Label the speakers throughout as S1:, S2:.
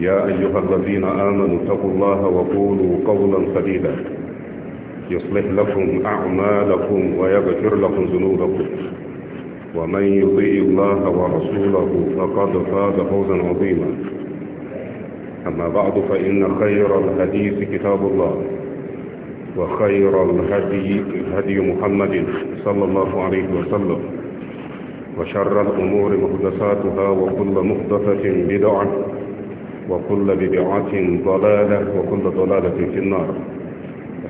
S1: يا أيها الذين آمنوا اتقوا الله وقولوا قولا سديدا يصلح لكم أعمالكم ويغفر لكم ذنوبكم ومن يطيع الله ورسوله فقد فاز فوزا عظيما أما بعد فإن خير الحديث كتاب الله وخير الهدي هدي محمد صلى الله عليه وسلم وشر الأمور محدثاتها وكل محدثة بدعة وكل بدعة ضلالة وكل ضلالة في النار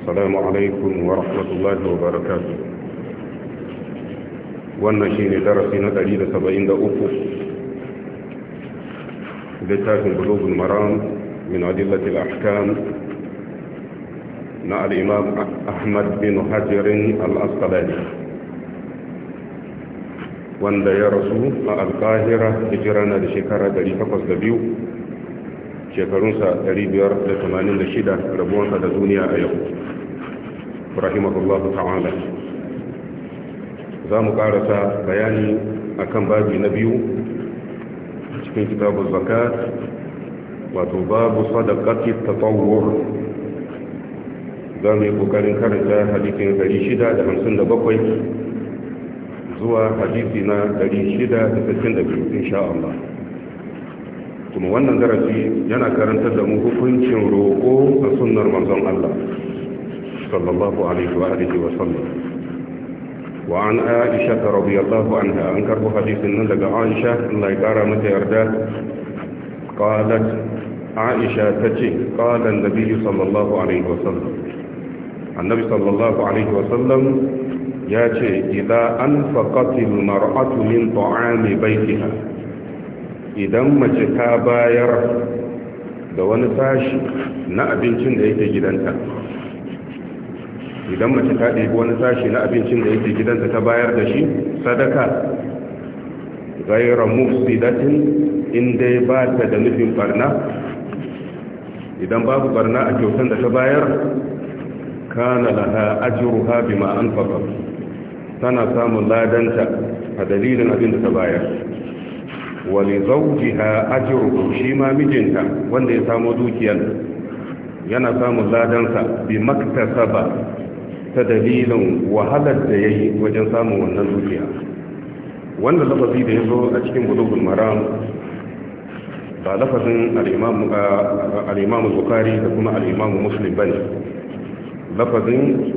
S1: السلام عليكم ورحمة الله وبركاته والنشين درسنا دليل سبعين دأفو لتاك قلوب المرام من عدلة الأحكام مع الإمام أحمد بن حجر الأسقلان وان يرسو مع القاهرة هجرنا لشيكارة دليل فقص دبيو shekarunsa 586 rabuwansa da duniya a yau rahimahullahu ta'ala za mu karasa bayani akan babi na biyu cikin kitabun zakat wato babu sadakati tatawur za mu yi kokarin karanta hadisin 657 zuwa hadisi na 662 insha Allah kuma wannan darasi yana karantar da mu hukuncin roƙo a sunnar manzon Allah sallallahu alaihi wa alihi wa sallam wa an aisha ta radiyallahu anha an karbo hadisin nan daga aisha Allah ya kara mata yarda qalat aisha tace qala an-nabi sallallahu alaihi wa sallam annabi sallallahu alaihi wa sallam ya ce idan an faqatil mar'atu min ta'ami baytiha idan mace ta bayar da wani sashi na abincin da yake gidanta idan mace ta ɗebi wani sashi na abincin da yake gidanta ta bayar da shi sadaka gaira mufsidatin in dai ba ta da nufin barna idan babu barna a kyautan da ta bayar kana laha ajruha bima anfaqa tana samun ladanta a dalilin abin da ta bayar wali a ajruhu shi ma mijinta wanda ya samu dukiyar yana samun ladansa bi ba ta dalilin wahalar da yayi wajen samun wannan dukiya wanda lafazi da ya zo a cikin bulugul maram ba lafazin alimamu imam bukhari da kuma al-imam ba bane lafazin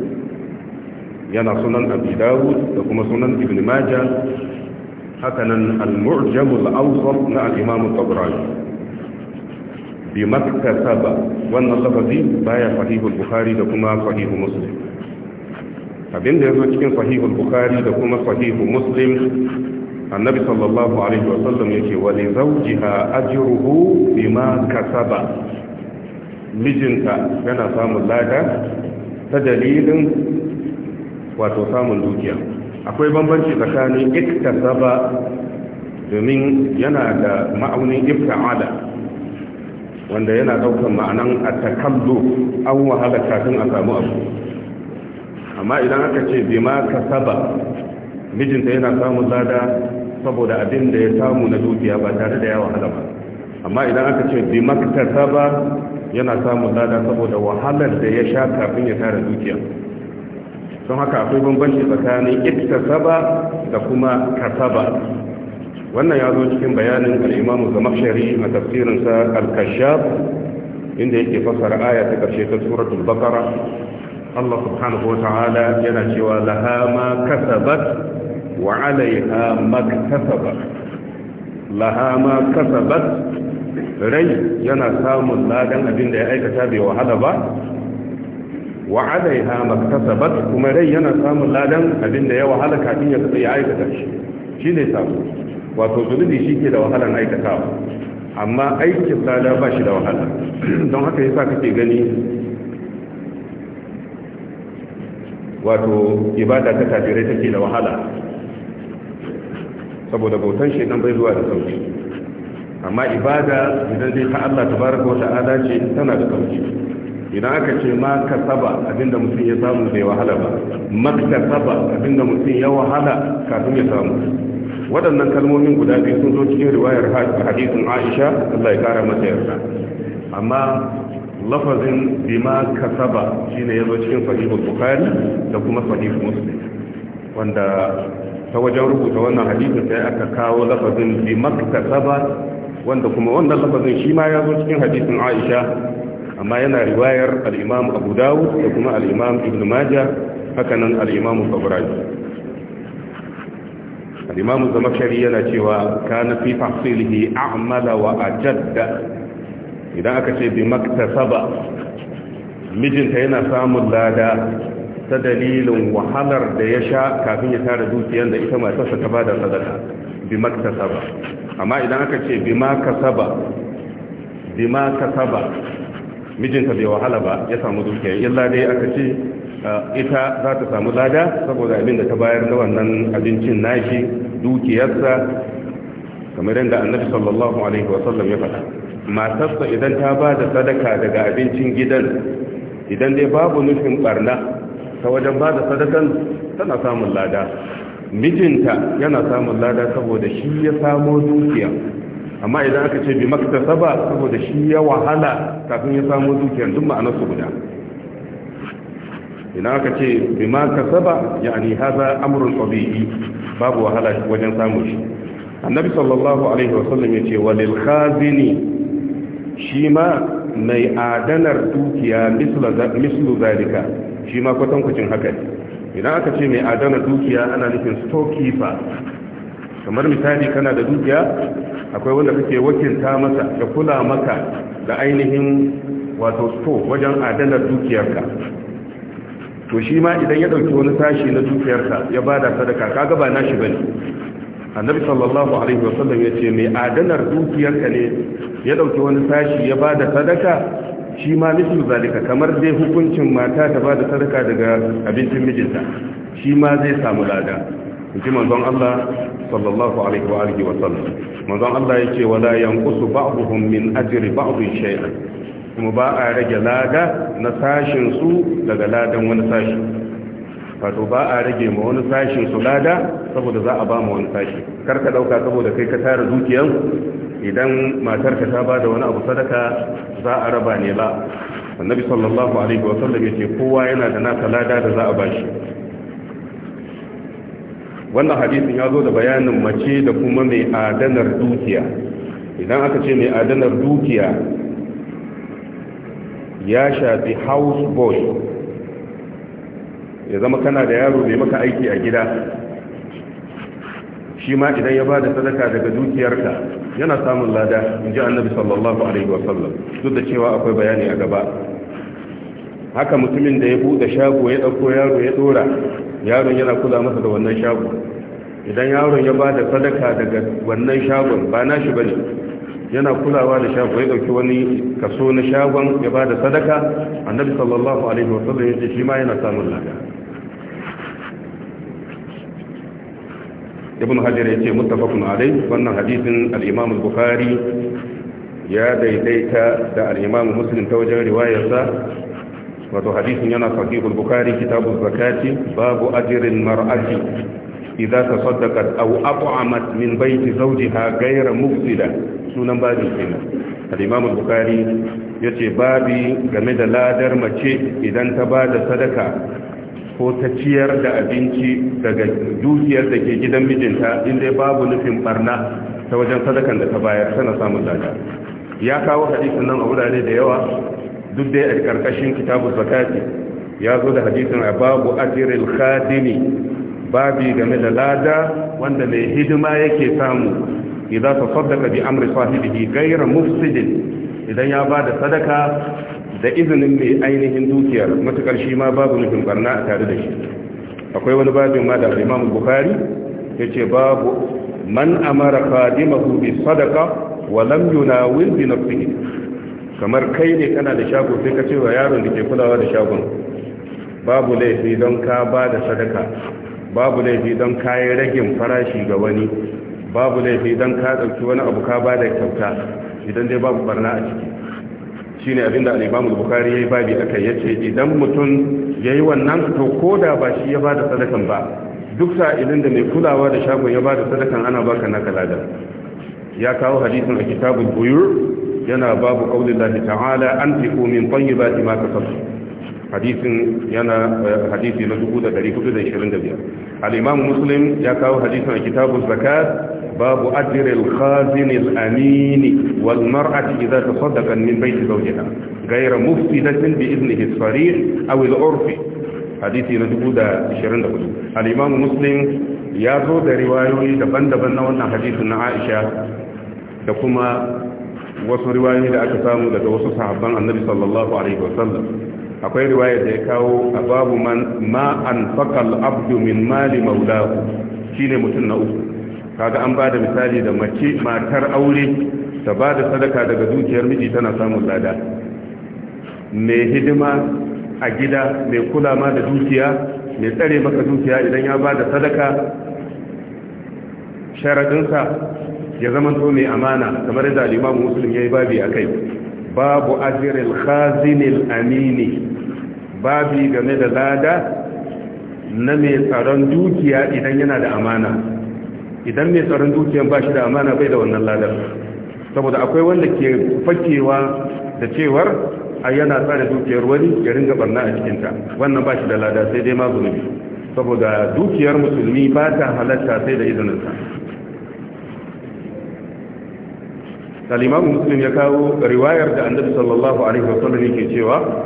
S1: yana sunan abi da kuma sunan ibn majah hakanan al-mu'jamul awsat na al-imam tabrani bi maktasaba wannan lafazi baya sahihul bukhari da kuma sahihu muslim abin da yazo cikin sahihul bukhari da kuma sahihu muslim annabi sallallahu alaihi wa sallam yake wa li zawjiha ajruhu bima kasaba mijinta yana samun lada ta dalilin wato samun dukiya akwai bambanci tsakanin iktasaba domin yana da ma'aunin ifta'ala wanda yana daukan ma'anan a takallo an wahala kafin a samu abu amma idan aka ce bima kasaba mijinta yana samun lada saboda abin da ya samu na dukiya ba tare da ya wahala ba amma idan aka ce bi maktarta yana samun lada saboda wahalar da ya sha kafin ya tara dukiya don haka akwai bambanci tsakanin iktasaba da kuma kasaba wannan ya zo cikin bayanin al zama Zamakhshari a tafsirin sa al-Kashaf inda yake fasara aya ta karshe ta suratul bakara Allah subhanahu yana cewa laha ma kasabat wa 'alayha maktasabat laha ma kasabat rai yana samun ladan abin da ya aikata bai wahala ba wa alaiha maktasabat kuma rai yana samun ladan abin da ya wahala kafin ya tsaya aikata shi shine sabo wato zunubi ke da wahalan aikatawa amma aikin lada ba shi da wahala don haka yasa kake gani wato ibada ta kafirai take da wahala saboda bautan shekan bai zuwa da sauki amma ibada idan zai ta Allah tabaraka wa ta'ala ce tana da sauki idan aka ce ma kasaba abinda mutum ya samu bai wahala ba maktasaba abinda mutum ya wahala kafin ya samu waɗannan kalmomin guda biyu sun zo cikin riwayar hadisin Aisha Allah ya kara mata yarda amma lafazin bima kasaba shine ya zo cikin sahihul bukhari da kuma sahih muslim wanda ta wajen rubuta wannan hadisin sai aka kawo lafazin bima kasaba wanda kuma wannan lafazin shi ma ya zo cikin hadisin Aisha amma yana riwayar al’imam abu dawud da kuma al’imam ibn maja hakanan al’imam al’abraji al’imam zamashari yana cewa ka na fi fasilhi amala wa a idan aka ce bi maktasa ba mijinta yana samun lada ta dalilin wahalar da ya sha kafin ya tara dukiyar da ita matarsa ta bada sadaka bi maktasa ba amma idan aka ce bi ma bi mijinta bai wahala ba ya samu dukiya illa dai aka ce ah, ita za ta samu lada saboda abin da ta bayar da wannan abincin nashi dukiyarsa kamar yadda annabi sallallahu alaihi wa sallam ya faɗa matarsa idan ta ba da sadaka daga abincin gidan idan dai babu nufin barna ta wajen ba da sadakan tana samun lada mijinta yana samun lada saboda shi ya samo dukiya amma idan aka ce bi maktasaba saboda shi ya wahala kafin ya samu dukiyar duk ma'anar su guda idan aka ce bi maktasaba yani haza amrun tabi'i babu wahala wajen samu shi annabi sallallahu alaihi wasallam ya ce walil khazini shi ma mai adanar dukiya mislu zalika shi ma kucin haka idan aka ce mai adanar dukiya ana nufin storekeeper kamar misali kana da dukiya akwai wanda kake wakilta masa ya kula maka da ainihin wato sto wajen adanar dukiyarka to shi ma idan ya dauki wani sashi na dukiyarsa ya bada sadaka kaga ba nashi bane annabi sallallahu alaihi wasallam ya ce mai adanar dukiyarka ne ya dauki wani sashi ya bada sadaka shi ma mislu zalika kamar dai hukuncin mata ta bada sadaka daga abincin mijinta shi ma zai samu lada ji manzon Allah sallallahu alaihi wa alihi wa sallam manzon Allah yake wala yanqusu ba'dhum min ajri ba'd shay'an kuma ba a rage lada na sashin su daga ladan wani sashi wato ba a rage ma wani sashin su lada saboda za a ba ma wani sashi kar ka dauka saboda kai ka tara dukiyan idan matarka ta ba da wani abu sadaka za a raba ne la annabi sallallahu alaihi wa sallam yace kowa yana da nasa lada da za a ba shi? wannan hadisin ya zo da bayanin mace da kuma mai adanar dukiya idan aka ce mai adanar dukiya ya shafi house boy ya zama kana da yaro mai maka aiki a gida shi ma idan ya ba da sadaka daga dukiyarka yana samun lada in ji annabi sallallahu alaihi wasallam duk da cewa akwai bayani a gaba haka mutumin da ya buɗe shago ya ɗauko yaro ya ɗora yaron yana kula masa da wannan shago idan yaron ya ba da sadaka daga wannan shagon ba na shi ba ne yana kulawa da shago ya ɗauki wani kaso na shagon ya ba da sadaka annabi sallallahu alaihi wa ya yake shi ma yana samun lada ibn hajar ya ce muttafaqun alai wannan hadisin al-imam al-bukhari ya daidaita da al-imam muslim ta wajen riwayarsa wato hadisin yana sahihul bukhari kitabu zakati babu ajrin mar'ati idza tasaddaqat aw at'amat min bayti zawjiha ghayra mufsida sunan babu kenan al-imam al-bukhari yace Babu game da ladar mace idan ta bada sadaka ko ta ciyar da abinci daga dukiyar da ke gidan mijinta inda babu nufin barna ta wajen sadakan da ta bayar tana samun lada ya kawo hadisin nan a wurare da yawa duk dai a karkashin kitabu zakati ya zo da hadisin a babu ajiril khadimi babi game da lada wanda mai hidima yake samu idan ta saddaka bi amri sahibihi gaira mufsidin idan ya ba da sadaka da izinin mai ainihin dukiyar matukar shi ma babu nufin barna a tare da shi akwai wani babin ma da imam bukari ya ce babu man amara khadimahu bi sadaka wa lam yunawil bi nafsihi kamar kai ne kana da shago sai ka ce wa yaron da ke kulawa da shagon babu laifi don ka ba da sadaka babu laifi don ka yi ragin farashi ga wani babu laifi don ka ɗauki wani abu ka ba da kyauta idan dai babu barna a ciki shi ne abinda al'imamu bukari ya yi babi a kai ya ce idan mutum ya yi wannan to ko da ba shi ya ba da sadakan ba duk sa'ilin da mai kulawa da shagon ya ba da sadakan ana baka na kalada ya kawo hadisin a kitabul buyur yana babu qaulillahi ta'ala anfiqu min tayyibati ma kasabtum hadisin yana hadisi na 1425 al-imam muslim ya kawo hadisin a kitabuz zakat babu ajri al-khazin al-amin wal mar'ati idha tasaddaqat min bayti zawjiha ghayra mufsidatin bi idnihi as-sarih aw al-urfi hadisi na 1424 al-imam muslim ya zo da riwayoyi daban-daban na wannan hadisin na Aisha da kuma wasu riwayoyi da aka samu daga wasu sahabban annabi sallallahu alaihi wasallam akwai riwaya da ya kawo a babu ma an faƙal abdu min mali maulahu shine mutum na uku kaga an ba da misali da mace matar aure ta bada sadaka daga dukiyar miji tana samun lada mai hidima a gida mai kula ma da dukiya mai tsare maka dukiya idan ya ba da sadaka shararinsa. ya zama to mai amana kamar da limamu musulun ya yi babi a kai babu ajiril khazinil amini babi game da lada na mai tsaron dukiya idan yana da amana idan mai tsaron dukiyan ba shi da amana bai da wannan ladar saboda akwai wanda ke fakewa da cewar a yana tsare dukiyar wani ya ringa barna a cikinta wannan ba shi da lada sai dai ma zunubi saboda dukiyar musulmi ba ta halatta sai da izininsa kalimamu muslim ya kawo riwayar da annabi sallallahu alaihi wasallam yake cewa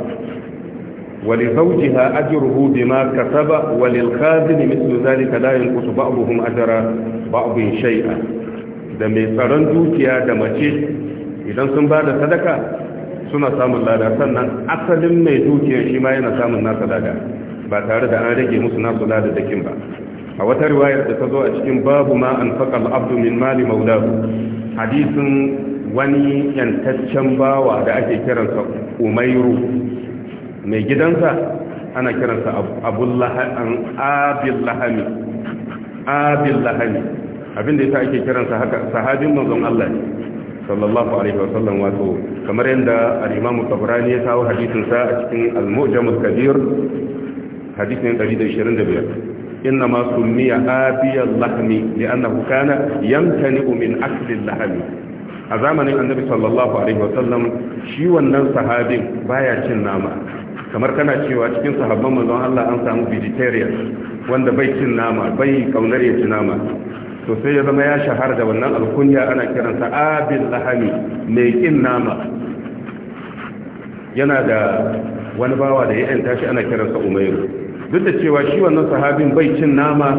S1: wali zawjiha ajruhu bima kasaba walil khazin mithlu zalika la yanqusu ba'dhum ajra ba'dhin shay'a da mai tsaron dukiya da mace idan sun ba da sadaka suna samun lada sannan asalin mai dukiya shi ma yana samun nasa lada ba tare da an rage musu nasu lada dakin ba a wata riwayar da ta zo a cikin babu ma an faƙa al'abdu min mali maulahu hadisin wani yantaccen bawa da ake kiransa umairu mai gidansa ana kiransa abin abin abinda yasa ake kiransa haka sahabin mazan Allah ne sallallahu alaihi wasallam wato kamar yadda al-imam tabrani ya kawo hadisin sa a cikin al-mu'jam al-kabir hadisin 125 inna ma sunniya abiyal lahmi li'annahu kana yamtani'u min akli al-lahmi a zamanin annabi sallallahu alaihi wasallam shi wannan sahabin baya cin nama kamar kana cewa cikin sahabban manzon Allah an samu vegetarian wanda bai cin nama bai kaunar ya ci nama to sai ya zama ya shahara da wannan alkunya ana kiransa abin lahami mai kin nama yana da wani bawa da ya yanta shi ana kiransa umairu duk da cewa shi wannan sahabin bai cin nama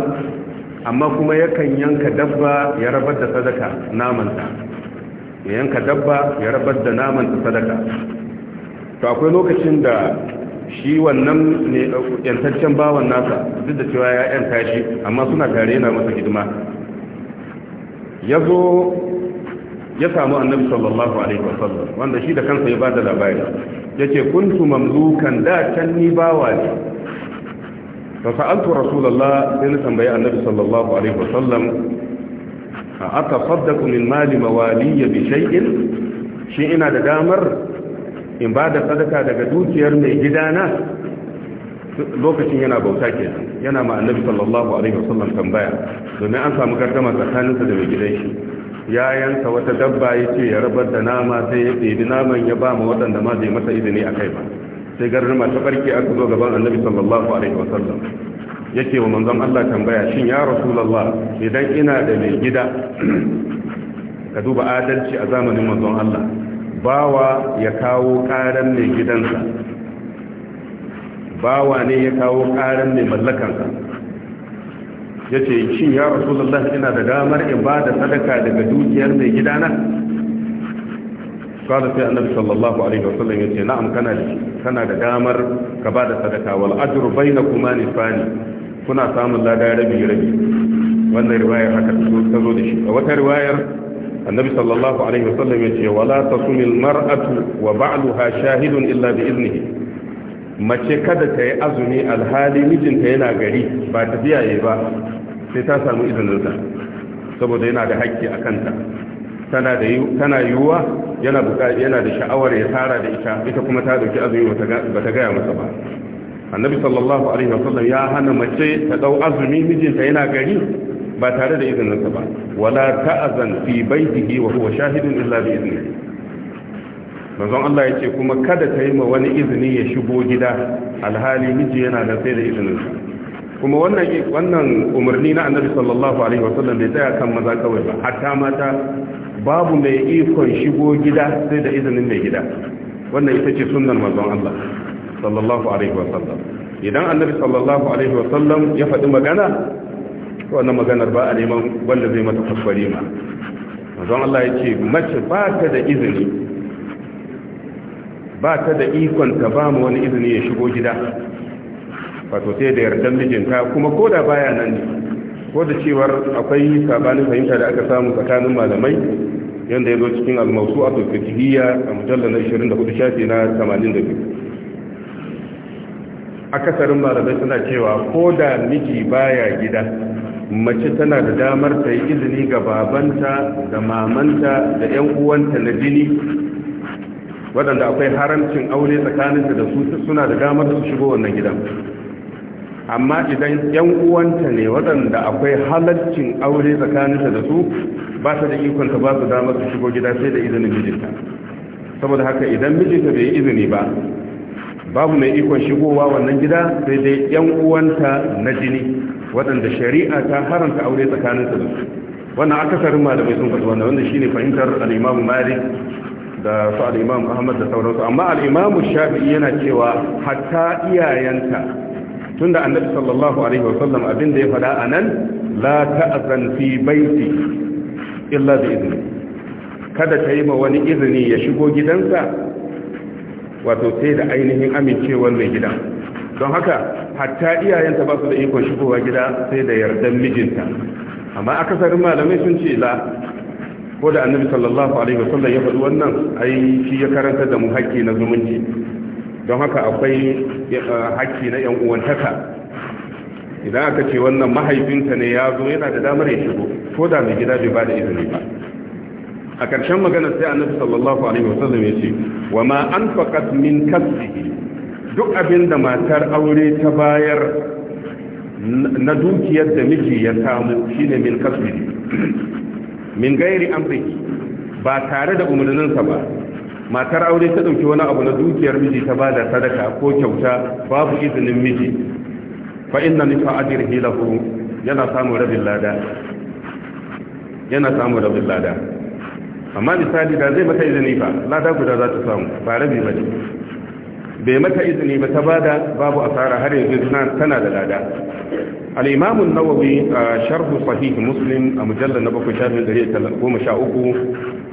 S1: amma kuma yakan yanka dabba ya rabar da sadaka namanta ya yanka dabba ya rabar da naman ta sadaka to akwai lokacin da shi wannan ne eh, yantaccen bawan nasa duk da cewa ya yanka shi amma suna tare yana masa hidima ya zo ya samu annabi sallallahu alaihi wasallam wanda shi da kansa ya ba da labari ya ce kuntu mamlukan da can ni bawa ne fa sa'altu rasulullah sai na tambayi annabi sallallahu alaihi wasallam a tasaddaqu min mali mawaliya bi shay'in shi ina da damar in ba da sadaka daga dukiyar mai gidana lokacin yana bauta ke yana ma annabi sallallahu alaihi wasallam tambaya domin an samu gardama tsakaninsa da mai gidan shi ya yanka wata dabba ya ce ya rabar da nama sai ya ɗebi naman ya ba ma waɗanda ma zai masa izini a kai ba sai gardama ta barke aka zo gaban annabi sallallahu alaihi wasallam yake wa manzon Allah tambaya shin ya rasulullah idan ina da mai gida ka duba adalci a zamanin manzon Allah bawa ya kawo karan mai gidansa bawa ne ya kawo karan mai mallakansa yace shin ya rasulullah ina da damar in ba da sadaka daga dukiyar mai gidana قال في النبي صلى الله عليه وسلم يقول نعم كان كان دامر كبعد صدقه والاجر بينكما نصفان kuna samun lada rabi rabi wannan riwayar haka ta zo da shi a wata riwayar annabi sallallahu alaihi wasallam ya ce wala tasumil mar'atu wa ba'luha shahidun illa bi iznihi mace kada ta yi azumi alhali mijinta yana gari ba tafiya yayi ba sai ta samu izininsa saboda yana da hakki a kanta tana da tana yuwa yana yana da sha'awar ya tara da ita ita kuma ta dauki azumi bata ga bata ga masa ba annabi sallallahu alaihi wasallam ya hana mace ta dau azumi mijinta yana gari ba tare da izininsa ba wala ta'azan fi baitihi wa huwa shahidun illa bi iznihi manzon Allah yace kuma kada ta yi ma wani izini ya shigo gida alhali miji yana da sai da izininsa kuma wannan wannan umarni na annabi sallallahu alaihi wasallam bai tsaya kan maza kawai ba hatta mata babu mai ikon shigo gida sai da izinin mai gida wannan ita ce sunnar manzon Allah sallallahu alaihi wasallam idan annabi sallallahu alaihi wasallam ya faɗi magana wannan maganar ba a neman wanda zai mata kuskure ma don Allah ya ce mace ba ta da izini ba ta da ikon ta ba mu wani izini ya shigo gida wato sai da yardan mijinta kuma ko da baya nan ne ko da cewar akwai sabanin fahimta da aka samu tsakanin malamai yadda ya zo cikin almasu a tsofikiyya a mujallar na 24 shafi na 82 akasarin malamai suna cewa ko da miji baya gida mace tana da damar ta yi izini ga babanta da mamanta da 'yan uwanta na jini waɗanda akwai haramcin aure tsakaninta da su suna da damar su shigo wannan gidan amma idan 'yan uwanta ne waɗanda akwai halarcin aure tsakaninta da su ba ta da ikonta ba su damar su shigo gida sai da izinin mijinta saboda haka idan mijinta bai yi izini ba babu mai ikon shigowa wannan gida sai dai yan uwanta na jini waɗanda shari'a ta haranta aure tsakanin su wannan akasarin malamai sun faɗi wannan wanda shine fahimtar al-Imam Malik da su al-Imam Ahmad da sauransu amma al-Imam Shafi'i yana cewa hatta iyayenta tunda Annabi sallallahu alaihi wasallam abin da ya faɗa anan la ta'zan fi baiti illa bi idni kada ta yi ma wani izini ya shigo gidansa wato sai da ainihin amincewar mai gida don haka hatta iyayenta ba su da ikon shigowa gida sai da yardan mijinta amma akasarin malamai sun ce la ko da annabi sallallahu alaihi wasallam ya faɗi wannan ai shi ya karanta da mu haƙƙi na zumunci don haka akwai eh, haƙƙi na yan uwantaka idan aka ce wannan mahaifinta ne ya zo yana da damar ya shigo ko da mai gida bai ba da izini ba a ƙarshen magana sai annabi sallallahu alaihi wasallam ya ce wa ma anfaqat min kasbihi duk abin da matar aure ta bayar na dukiyar da miji ya samu shine min kasbihi min gairi amrihi ba tare da umarninsa ba matar aure ta dauki wani abu na dukiyar miji ta bada sadaka ko kyauta babu izinin miji fa inna nifa ajrihi lahu yana samu rabin lada yana samu rabin lada amma misali da zai mata izini ba lada guda za ta samu ba rabi ba ne bai mata izini ba ta bada babu asara har yanzu tana da lada al-imam an-nawawi sharh sahih muslim a mujallal na 13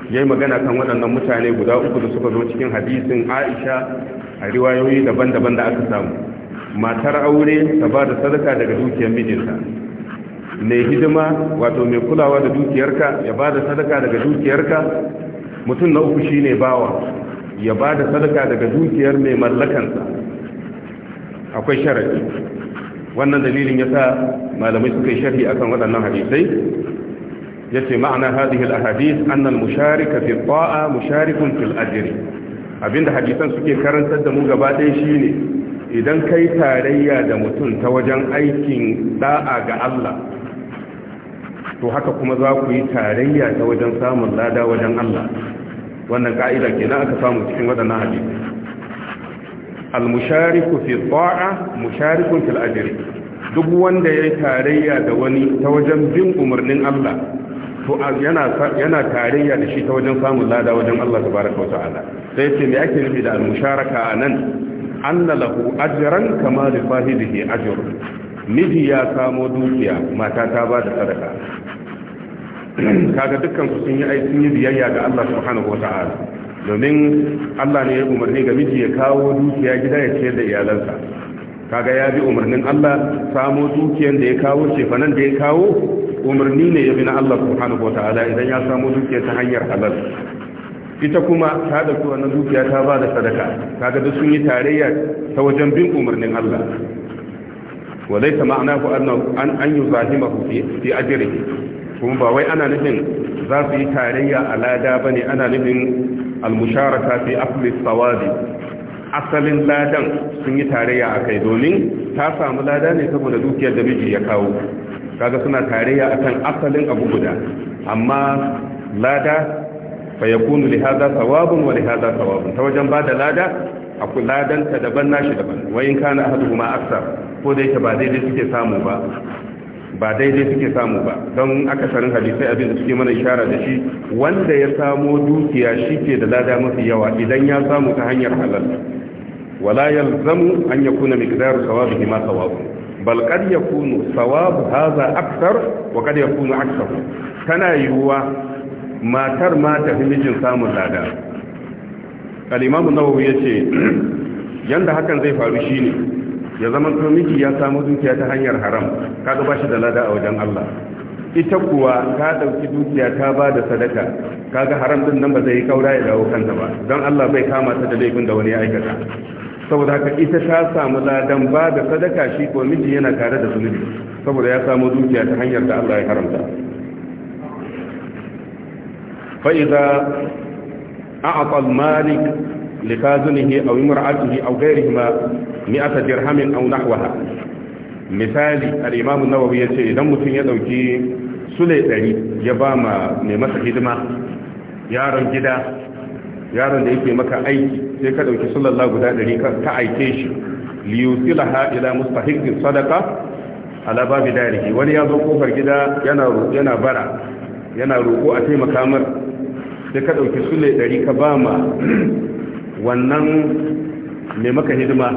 S1: yayi magana kan waɗannan mutane guda uku da suka zo cikin hadisin Aisha a riwayoyi daban-daban da aka samu matar aure ta ba da sadaka daga dukiyar mijinta mai hidima wato mai kulawa da dukiyarka ya ba da sadaka daga dukiyarka mutum na uku shine bawa ya ba da sadaka daga dukiyar mai mallakansa akwai sharadi wannan dalilin ya sa malamai suka yi sharhi akan waɗannan hadisai ya ce ma'ana hadhihi al-ahadith annal musharika fi ta'a musharikun fil ajri abinda hadisan suke karantar da mu gaba ɗaya shine idan kai tarayya da mutum ta wajen aikin da'a ga Allah to haka kuma za ku yi tarayya ta wajen samun lada wajen Allah wannan ka'ida kenan aka samu cikin waɗannan hadisi al-mushariku fi ta'a musharikun fil ajri duk wanda ya tarayya da wani ta wajen bin umarnin Allah to yana yana tarayya da shi ta wajen samun lada wajen Allah tabaraka wata'ala sai yace me ake nufi da al-musharaka anan anna lahu ajran kama li sahibihi ajrun miji ya samo dukiya mata ta ba da sadaka kaga dukkan su sun yi aikin yi biyayya ga Allah subhanahu wata'ala domin Allah ne ya umarni ga miji ya kawo dukiya gida ya ciyar da iyalansa kaga ya bi umarnin Allah samo dukiyan da ya kawo nan da ya kawo umarni ne ya bi na Allah subhanahu wata'ala idan ya samo dukiya ta hanyar halal ita kuma ta dauki wannan dukiya ta ba da sadaka kaga duk sun yi tarayya ta wajen bin umarnin Allah ma'ana معناه an أن أن يزاحمه في في أجره kuma ba wai ana nufin za su yi tarayya a lada ba ne ana nufin almusharaka fi asli asalin ladan sun yi tarayya a kai domin ta samu lada ne saboda dukiyar da miji ya kawo kaga suna tarayya akan asalin abu guda amma lada fa yakunu li hadha wa li hadha ta wajen bada lada a kula ta daban nashi daban wayin hadu kuma aksar ko da yake ba daidai suke samu ba ba daidai suke samu ba don akasarin hadisai abin da suke mana ishara da shi wanda ya samo dukiya shi ke da lada mafi yawa idan ya samu ta hanyar halal wala yalzamu an yakuna miqdaru sawabihi ma sawabu bal qad yakunu sawabu hadha aksar wa qad yakunu aksar kana yuwa matar ma ta fi mijin samun lada al'imamu nawawi ya ce yadda hakan zai faru shi ne ya zama miji ya samu dukiya ta hanyar haram kaga bashi da lada a wajen Allah ita kuwa ka ɗauki dukiya ta ba da sadaka kaga haram din nan ba zai yi kaura ya dawo kanta ba don Allah bai kama ta da laifin da wani ya aikata saboda haka ita ta samu ladan ba da sadaka shi ko miji yana tare da zunubi saboda ya samu dukiya ta hanyar da Allah ya haramta fa أعطى المالك لخازنه أو امرأته أو غيرهما مئة درهم أو نحوها misali al'imamu nawawi ya ce idan mutum ya ɗauki sule ɗari ya ba ma mai masa hidima yaron gida yaron da yake maka aiki sai ka ɗauki sulalla guda ɗari ka aike shi liyusila ha'ila mustahikin sadaka alaba bidariki wani ya zo kofar gida yana bara yana roƙo a taimaka mar sai ka ɗauki sule ɗari ka ba ma wannan mai maka hidima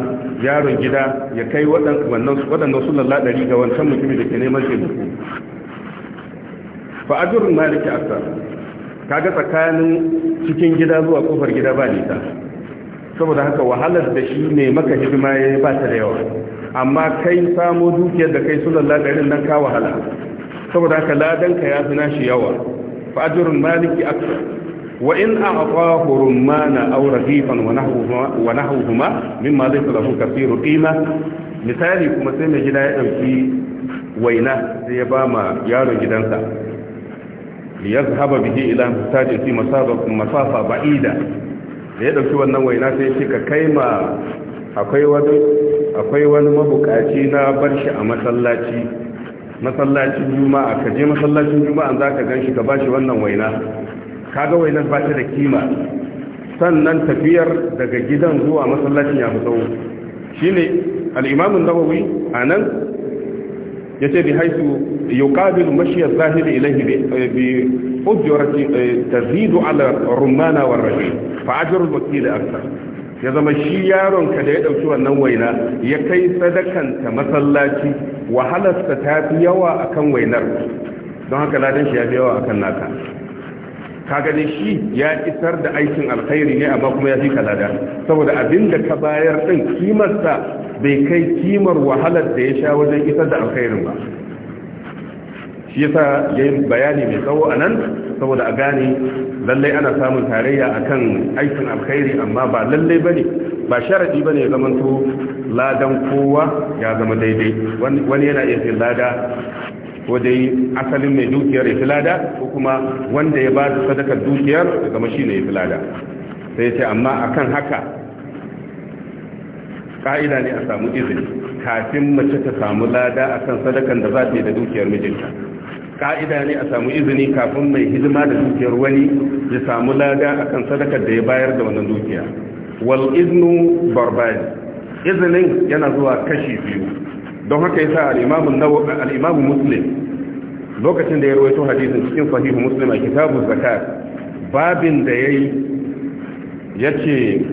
S1: yaron gida ya kai waɗannan sulan laɗari ga wancan mutumin da ke neman taimako fa ajurin maliki asa kaga tsakanin cikin gida zuwa kofar gida ba nisa saboda haka wahalar da shi ne maka hidima ya ba ta da yawa amma kai samo dukiyar da kai sulan laɗarin nan ka wahala saboda haka ladanka ya fi nashi yawa fa ajurin maliki asa wa in a'tahu rumana aw rafifan wa nahwuhuma wa nahwuhuma mimma laysa misali kuma sai mai gida ya dauki waina sai ya ba ma yaron gidansa liyazhaba bihi ila mustajin fi masafa ba'ida da ya ɗauki wannan waina sai ce ka kai ma akwai wani akwai wani mabukaci na shi a masallaci masallacin juma'a ka je masallacin juma'a za ka ganshi ka bashi wannan waina kaga wainar ba ta da kima sannan tafiyar daga gidan zuwa masallacin ya fi tsawo shine al-imam A nan? anan yace bi haisu yuqabil mashi az-zahir ilayhi bi eh, ujrati eh, tazidu ala rumana war rajul fa ajru al-wakil ya zama shi yaron ka da ya dauki wannan waina ya kai sadakanta masallaci wahalarsa ta fi yawa akan wainar don haka ladan shi ya fi yawa akan naka ka gane shi ya isar da aikin alkhairi ne amma kuma ya fi kalada saboda abin da ka bayar din kimarsa bai kai kimar wahalar da ya sha wajen isar da alkhairin ba shi yasa ya yi bayani mai tsawo a nan saboda a gane lallai ana samun tarayya akan aikin alkhairi amma ba lallai bane ba sharadi bane ya zamanto ladan kowa ya zama daidai wani yana iya lada ko dai asalin mai dukiyar ya filada ko kuma wanda ya ba da sadakar dukiyar daga mashi shi ne ya filada sai ce amma akan haka ka'ida ne a samu izini kafin mace ta samu lada akan sadakan da za ta yi da dukiyar mijinta ka'ida ne a samu izini kafin mai hidima da dukiyar wani ya samu lada akan sadakar da ya bayar da wannan dukiya wal iznu barbari izinin yana zuwa kashi biyu don haka yasa sa imam muslim lokacin da ya rawaito hadisin cikin sahihu muslim a kitabu zakat babin da ya yace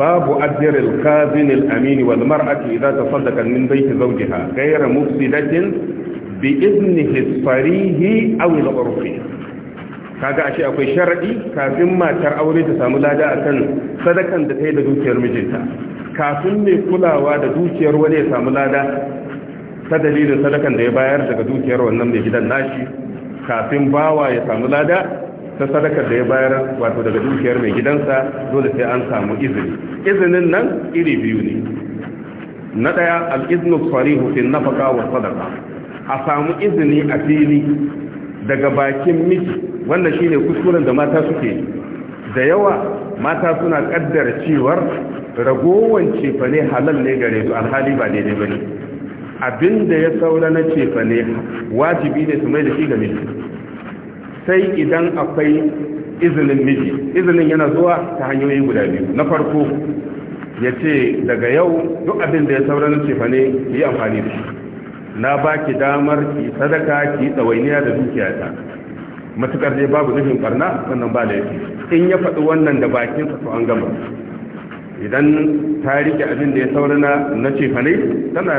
S1: babu ajr al-kazin al-amin wal mar'ati idza tasaddaqat min bayt zawjiha ghayra mufsidatin bi idnihi farihi sarih aw kaga ashe akwai sharadi kafin matar aure ta samu lada akan sadakan da ta yi da dukiyar mijinta kafin mai kulawa da dukiyar wani ya samu lada ta dalilin sadakan da ya bayar daga dukiyar wannan mai gidan nashi kafin bawa ya samu lada ta sadakar da ya bayar wato daga dukiyar mai gidansa dole sai an samu izini izinin nan iri biyu ne na daya al-iznu sarihu fi nafaka wa sadaqa a samu izini a fili daga bakin miji wannan shine kuskuren da mata suke da yawa mata suna ƙaddara cewar ragowan cefa ne halal ne gare su alhali ba daidai bane abin da ya saura na cefa ne wajibi ne su mai da shi ga miji sai idan akwai izinin miji izinin yana zuwa ta hanyoyi guda biyu na farko ya ce daga yau duk abin da ya saura na cefa ne yi amfani da shi na baki damar ki sadaka ki tsawainiya da dukiyata matukar dai babu nufin barna wannan ba yake in ya faɗi wannan da bakin sa to an gama idan ta rike abin da ya saurana na cefa ne tana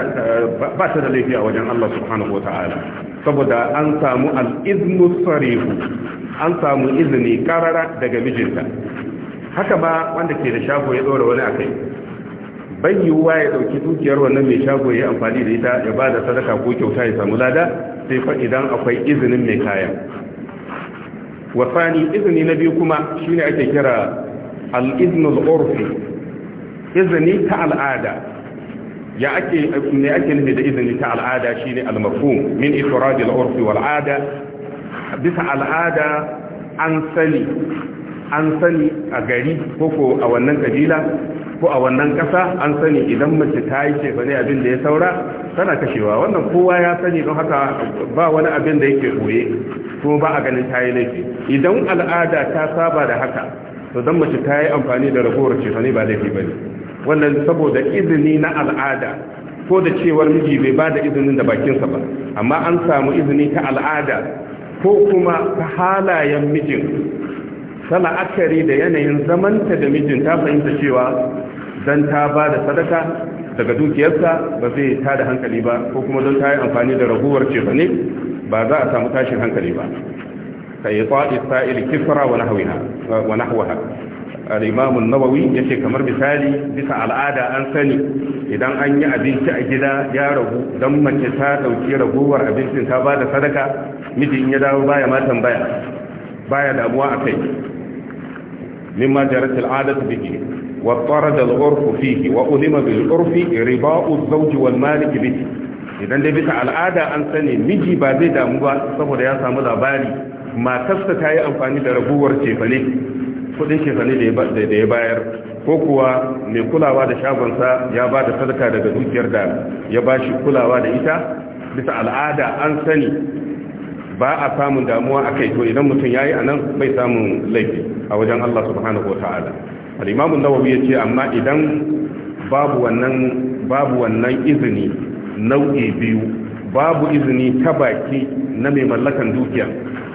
S1: ba ta da laifi a wajen Allah subhanahu wata'ala saboda an samu al'iznu sarihu an samu izini karara daga mijinta haka ba wanda ke da shago ya ɗora wani akai bai yiwuwa ya ɗauki dukiyar wannan mai shago ya amfani da ita ya ba da sadaka ko kyauta ya samu lada sai fa idan akwai izinin mai kayan wasani izini na biyu kuma shine ake kira al-iznul izini ta al'ada ya ake ne ake nufi da izini ta al'ada shine al-mafhum min ikhraj al-urfi wal bisa al'ada an sani an sani a gari koko a wannan kabila ko a wannan ƙasa an sani idan mace ta yi ce bane abin da ya saura tana kashewa wannan kowa ya sani don haka ba wani abin da yake ɓoye. kuma ba a ganin ta yi laifi idan al'ada ta saba da haka to don mace ta yi amfani da ragowar ce bane ba laifi ba ne. wannan saboda izini na al'ada ko da cewar miji bai ba da izinin da bakinsa ba amma an samu izini ta al'ada ko kuma ta halayen mijin ta la'akari da yanayin zamanta da mijin ta fahimta cewa dan ta ba da sadaka daga dukiyarsa ba zai ta da hankali ba ko kuma don ta yi amfani da raguwar ce ne ba za a samu tashin hankali ba kai ta isra'il kisra wa nahwiha wa nahwaha al-imam kamar misali bisa al'ada an sani idan an yi abinci a gida ya ragu don mace ta dauki raguwar abincin ta ba da sadaka mijin ya dawo baya ma tambaya baya damuwa akai mimma jarat al'adatu bihi واضطرد العرف فيه وألم بالعرف رباء الزوج والمالك به idan dai bisa al'ada an sani miji ba zai damu ba saboda ya samu labari matarsa ta yi amfani da raguwar cefane kudin cefane da ya bayar ko kuwa mai kulawa da shagonsa ya ba da sadaka daga dukiyar da ya ba shi kulawa da ita bisa al'ada an sani ba a samun damuwa a kai to idan mutum ya yi a nan bai samun laifi a wajen allah subhanahu wa ta'ala al'imamun nawawi ya ce amma idan babu wannan babu wannan izini nau'i biyu babu izini ta baki na mai mallakan dukiya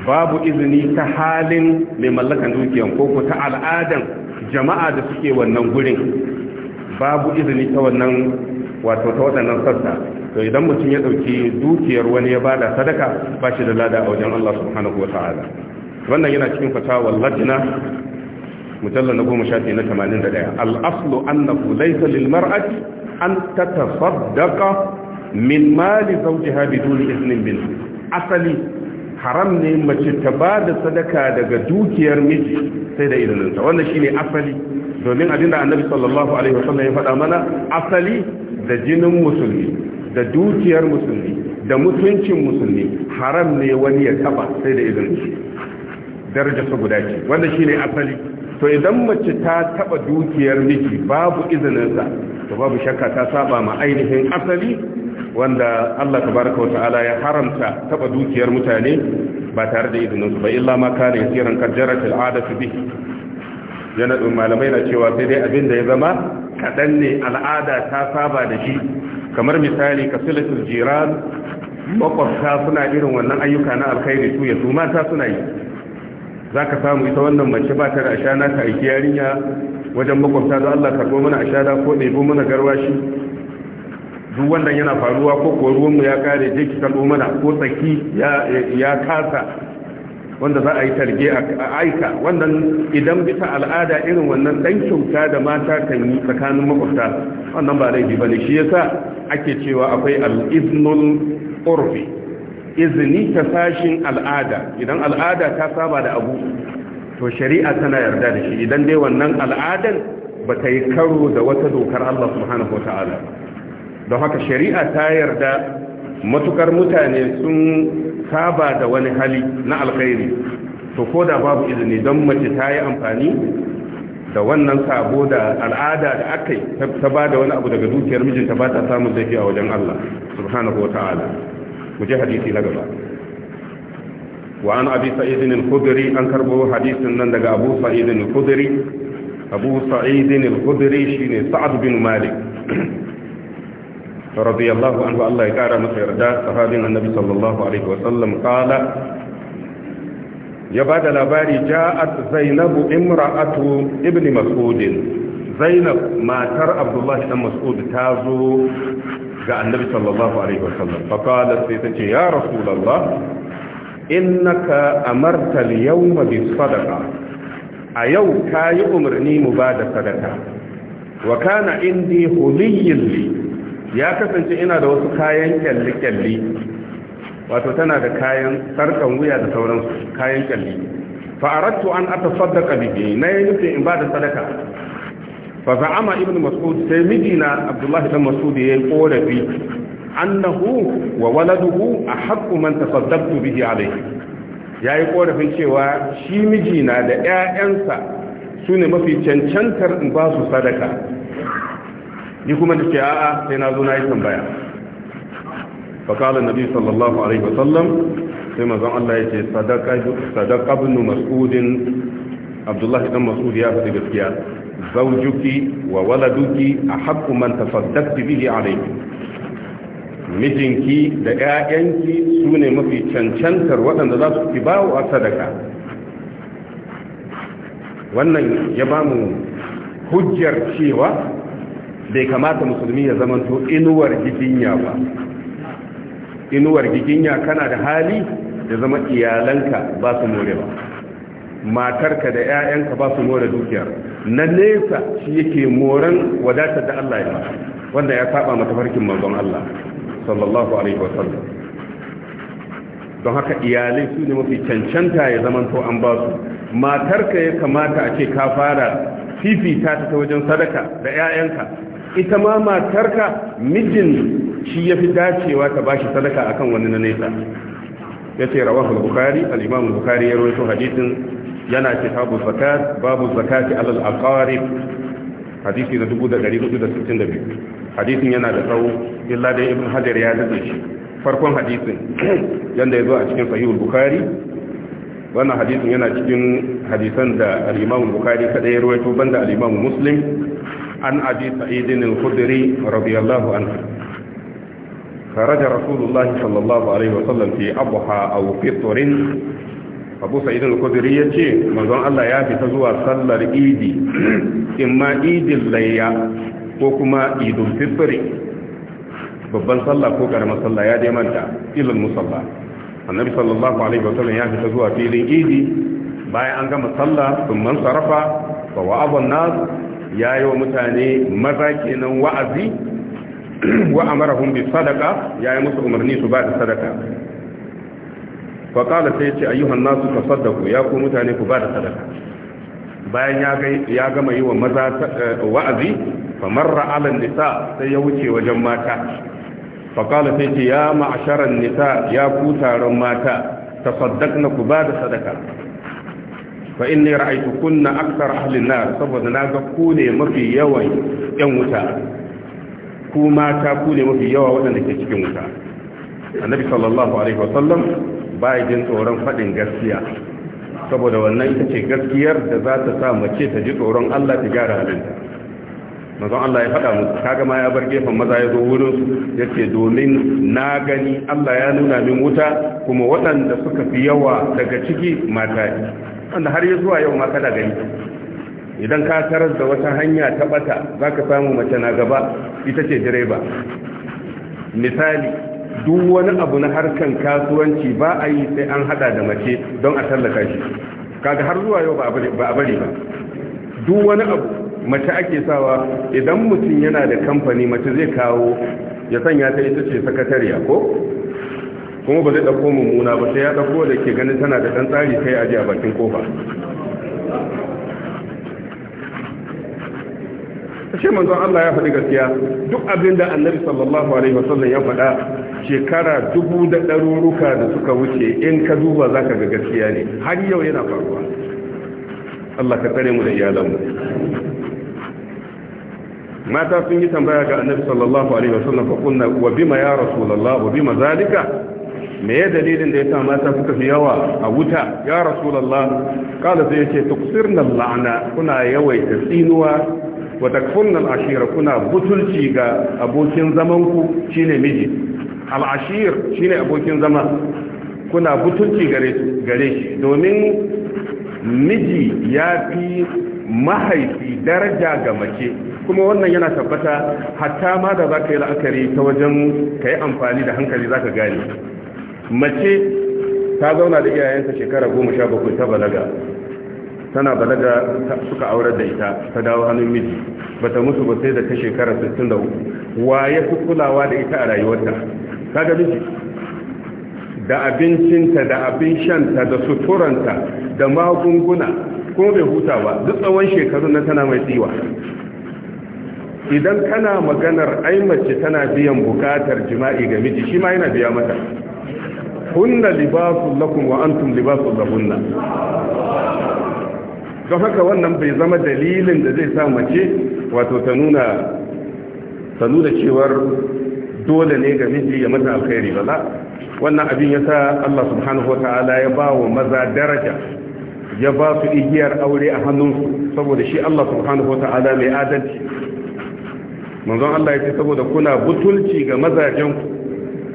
S1: babu izini ta halin mai mallakan dukiya ko ko ta al'adan jama'a da suke wannan gurin babu izini ta wannan wato ta waɗannan sassa to idan mutum ya ɗauki dukiyar wani ya bada sadaka ba shi da lada a wajen Allah subhanahu wa ta'ala wannan yana cikin fatawar latina mujallar na goma shafi na tamanin da ɗaya al'aslu annahu laysa lil mar'ati an tatasaddaqa min mali zawjiha biduni iznin min asali haram ne mace ta ba da sadaka daga dukiyar miji sai da izininsa wannan shine asali domin abinda annabi sallallahu alaihi wasallam ya faɗa mana asali da jinin musulmi da dukiyar musulmi da mutuncin musulmi haram ne wani ya taba sai da daraja su guda ce wannan shine asali to idan mace ta taba dukiyar miki babu izininsa to babu shakka ta saba ma ainihin asali wanda Allah tabaraka wata'ala ya haramta taba dukiyar mutane ba tare da izininsu ba illa ma kana yasiran kajjarat al'adatu bi? yana malamai na cewa sai dai abin da ya zama kadan ne al'ada ta saba da shi kamar misali kasilatul jiran makwabta suna irin wannan ayyuka na alkhairi su ya su mata suna yi za ka samu ita wannan mace ba ta da ashana ta aiki yarinya wajen makwabta da Allah karbo mana ashana ko ɗebo mana garwashi duk wannan yana faruwa ko ko ruwanmu ya kare je ki karbo mana ko tsaki ya kasa wanda za a yi targe a aika wannan idan bisa al'ada irin wannan dan kyauta da mata kan yi tsakanin makwabta wannan ba laifi ne shi yasa ake cewa akwai al'iznul orfe. urfi izini ta sashin al'ada idan al'ada ta saba da abu to shari'a tana yarda da shi idan dai wannan al'adan ba ta yi karo da wata dokar Allah subhanahu wa ta'ala don haka shari'a ta yarda matukar mutane sun saba da wani hali na alkhairi to ko da babu izini don mace ta yi amfani da wannan sabo da al'ada da aka yi ta ba da wani abu daga dukiyar mijinta ba ta samun zafi a wajen Allah subhanahu wa ta'ala وجه حديث وعن ابي سعيد الخدري انكر به حديث من ابو سعيد الخدري ابو سعيد الخدري شين سعد بن مالك رضي الله عنه الله يكره مصير دا صحابي النبي صلى الله عليه وسلم قال يا بعد الاباري جاءت زينب امراه ابن مسعود زينب ما ترى عبد الله بن مسعود تازو ga annabi sallallahu alaihi wasallam fa qala sai ta ya rasulullah innaka amarta al-yawma bis sadaqa a yau kayi umarni mu ba da sadaka wa kana indi huliyyin li ya kasance ina da wasu kayan kyalli kyalli wato tana da kayan sarkan wuya da sauran kayan kyalli fa aradtu an atasaddaqa bihi na yi nufin in ba da sadaka fa za'ama ibn mas'ud sai mijina abdullahi dan mas'ud yi korafi annahu wa waladuhu ahaqqu man tasaddaqtu bihi alayhi yi korafin cewa shi mijina da ƴaƴansa sune mafi cancantar in ba su sadaka ni kuma da ce a'a sai na zo na yi tambaya fakalar nabi sallallahu alaihi wa sallam sai mazan Allah ya ce sadaka ibn mas'udin abdullahi dan mas'ud ya fi gaskiya zaujuki wa waladuki a haƙƙu man tafaddakti bihi mijinki da ƴaƴanki su ne mafi cancantar waɗanda za su fi bawo a sadaka wannan ya ba mu hujjar cewa bai kamata musulmi ya zamanto inuwar giginya ba inuwar giginya kana da hali ya zama iyalanka ba su more ba matarka da 'ya'yanka ba su more dukiyar na nesa shi yake moran wadatar da Allah ya ba wanda ya saba mata farkin manzon Allah sallallahu alaihi wasallam don haka iyalai su ne mafi cancanta ya zaman to an ba su matarka ya kamata a ce ka fara fifita ta wajen sadaka da 'ya'yanka ita ma matarka mijin shi ya fi dacewa ta shi sadaka akan wani na nesa ya ce rawahul bukari al-imam bukari ya rawaito hadisin yana kitabu zakat babu zakati alal aqarib hadisi da 1462 hadisin yana da tsawo illa da ibn hajar ya dace shi farkon hadisin ya zo a cikin sahih bukhari wannan hadisin yana cikin hadisan da al bukari bukhari kada ya rawaito banda al-imam muslim an abi sa'id al-khudri radiyallahu anhu خرج Rasulullahi sallallahu alaihi الله عليه وسلم في أضحى أو فطر abu sa'id al ya ce, manzon Allah ya fita zuwa sallar idi in ma idin layya ko kuma idul fitri babban sallah ko karamar sallah ya dai manta ilal musalla annabi sallallahu alaihi wa wasallam ya fita zuwa filin idi bayan an gama sallah sun man sarafa fa wa'adha nas ya yi wa mutane maza kenan wa'azi wa amarahum bi sadaka, ya yi musu umarni su ba da sadaka faƙala sai ce ayyuhan nasu ka saddaku ya ku mutane ku ba da sadaka bayan ya gama yi wa maza eh, wa'azi famar alan nisa sai ya wuce wajen mata faƙala sai ce ya ma'asharan nisa ya ku taron mata ta saddakna ku ba da sadaka fa inni ra'aytu kunna aksar ahli nar saboda na ga ku ne mafi yawan yan wuta ku mata ku ne mafi yawa waɗanda ke cikin wuta annabi sallallahu alaihi wasallam ba ya jin tsoron faɗin gaskiya saboda wannan ita ce gaskiyar da za ta sa mace ta ji tsoron Allah ta gyara halin mazan Allah ya faɗa musu kaga ma ya bar gefen maza ya zo wurin ya ce domin na gani Allah ya nuna min wuta kuma waɗanda suka fi yawa daga ciki mata wanda har ya zuwa yau ma kada gani idan ka tarar da wata hanya ta bata za ka samu mace na gaba ita ce direba misali duk wani abu na harkan kasuwanci ba a yi sai an hada da mace don a tallaka shi kaga har zuwa yau ba a bari ba duk wani abu mace ake sawa idan mutum yana da kamfani mace zai kawo ya sanya ta ita ce sakatariya ko kuma ba zai ɗauko mummuna ba sai ya dauko da ke ganin tana da ɗan tsari sai aje a bakin kofa shi manzon Allah ya faɗi gaskiya duk abin da annabi sallallahu alaihi wasallam ya faɗa shekara dubu da ɗaruruka da suka wuce in ka duba za ka ga gaskiya ne har yau yana faruwa Allah ka tsare mu da iyalanmu mata sun yi tambaya ga annabi sallallahu alaihi wa sallam, fa kunna wa bima ya rasulullah wa bima zalika me ya dalilin da yasa mata suka fi yawa a wuta ya rasulullah kala sai yace tuksirna la'ana, kuna yawaita tsinuwa wa takfurna ashira kuna butulci ga abokin zaman ku shine miji al'ashir shi ne abokin zama kuna butunci gare shi domin miji ya fi mahaifi daraja ga mace kuma wannan yana tabbata hatta ma da za ka yi la'akari ta wajen ka yi amfani da hankali za ka gane mace ta zauna da iyayensa shekara goma sha bakwai ta balaga tana balaga suka aurar da ita ta dawo hannun miji bata mutu ba sai da ta shekara 63 wa ya fi kulawa da ita a rayuwarta kaga miji da abincinta da abin shanta da suturanta da magunguna kuma bai huta ba duk tsawon shekaru na tana mai tsiwa idan kana maganar ai aimace tana biyan bukatar jima'i ga miji shi ma yana biya mata hunna libasun lakum wa antum libasun lahunna don haka wannan bai zama dalilin da zai sa mace wato ta nuna ta nuna cewar dole ne ga miji ya mata alkhairi ba wannan abin yasa Allah subhanahu wataala ya ba wa maza daraja ya ba su igiyar aure a hannunsu saboda shi Allah subhanahu wataala mai adalci manzon Allah ya ce saboda kuna butulci ga mazajen ku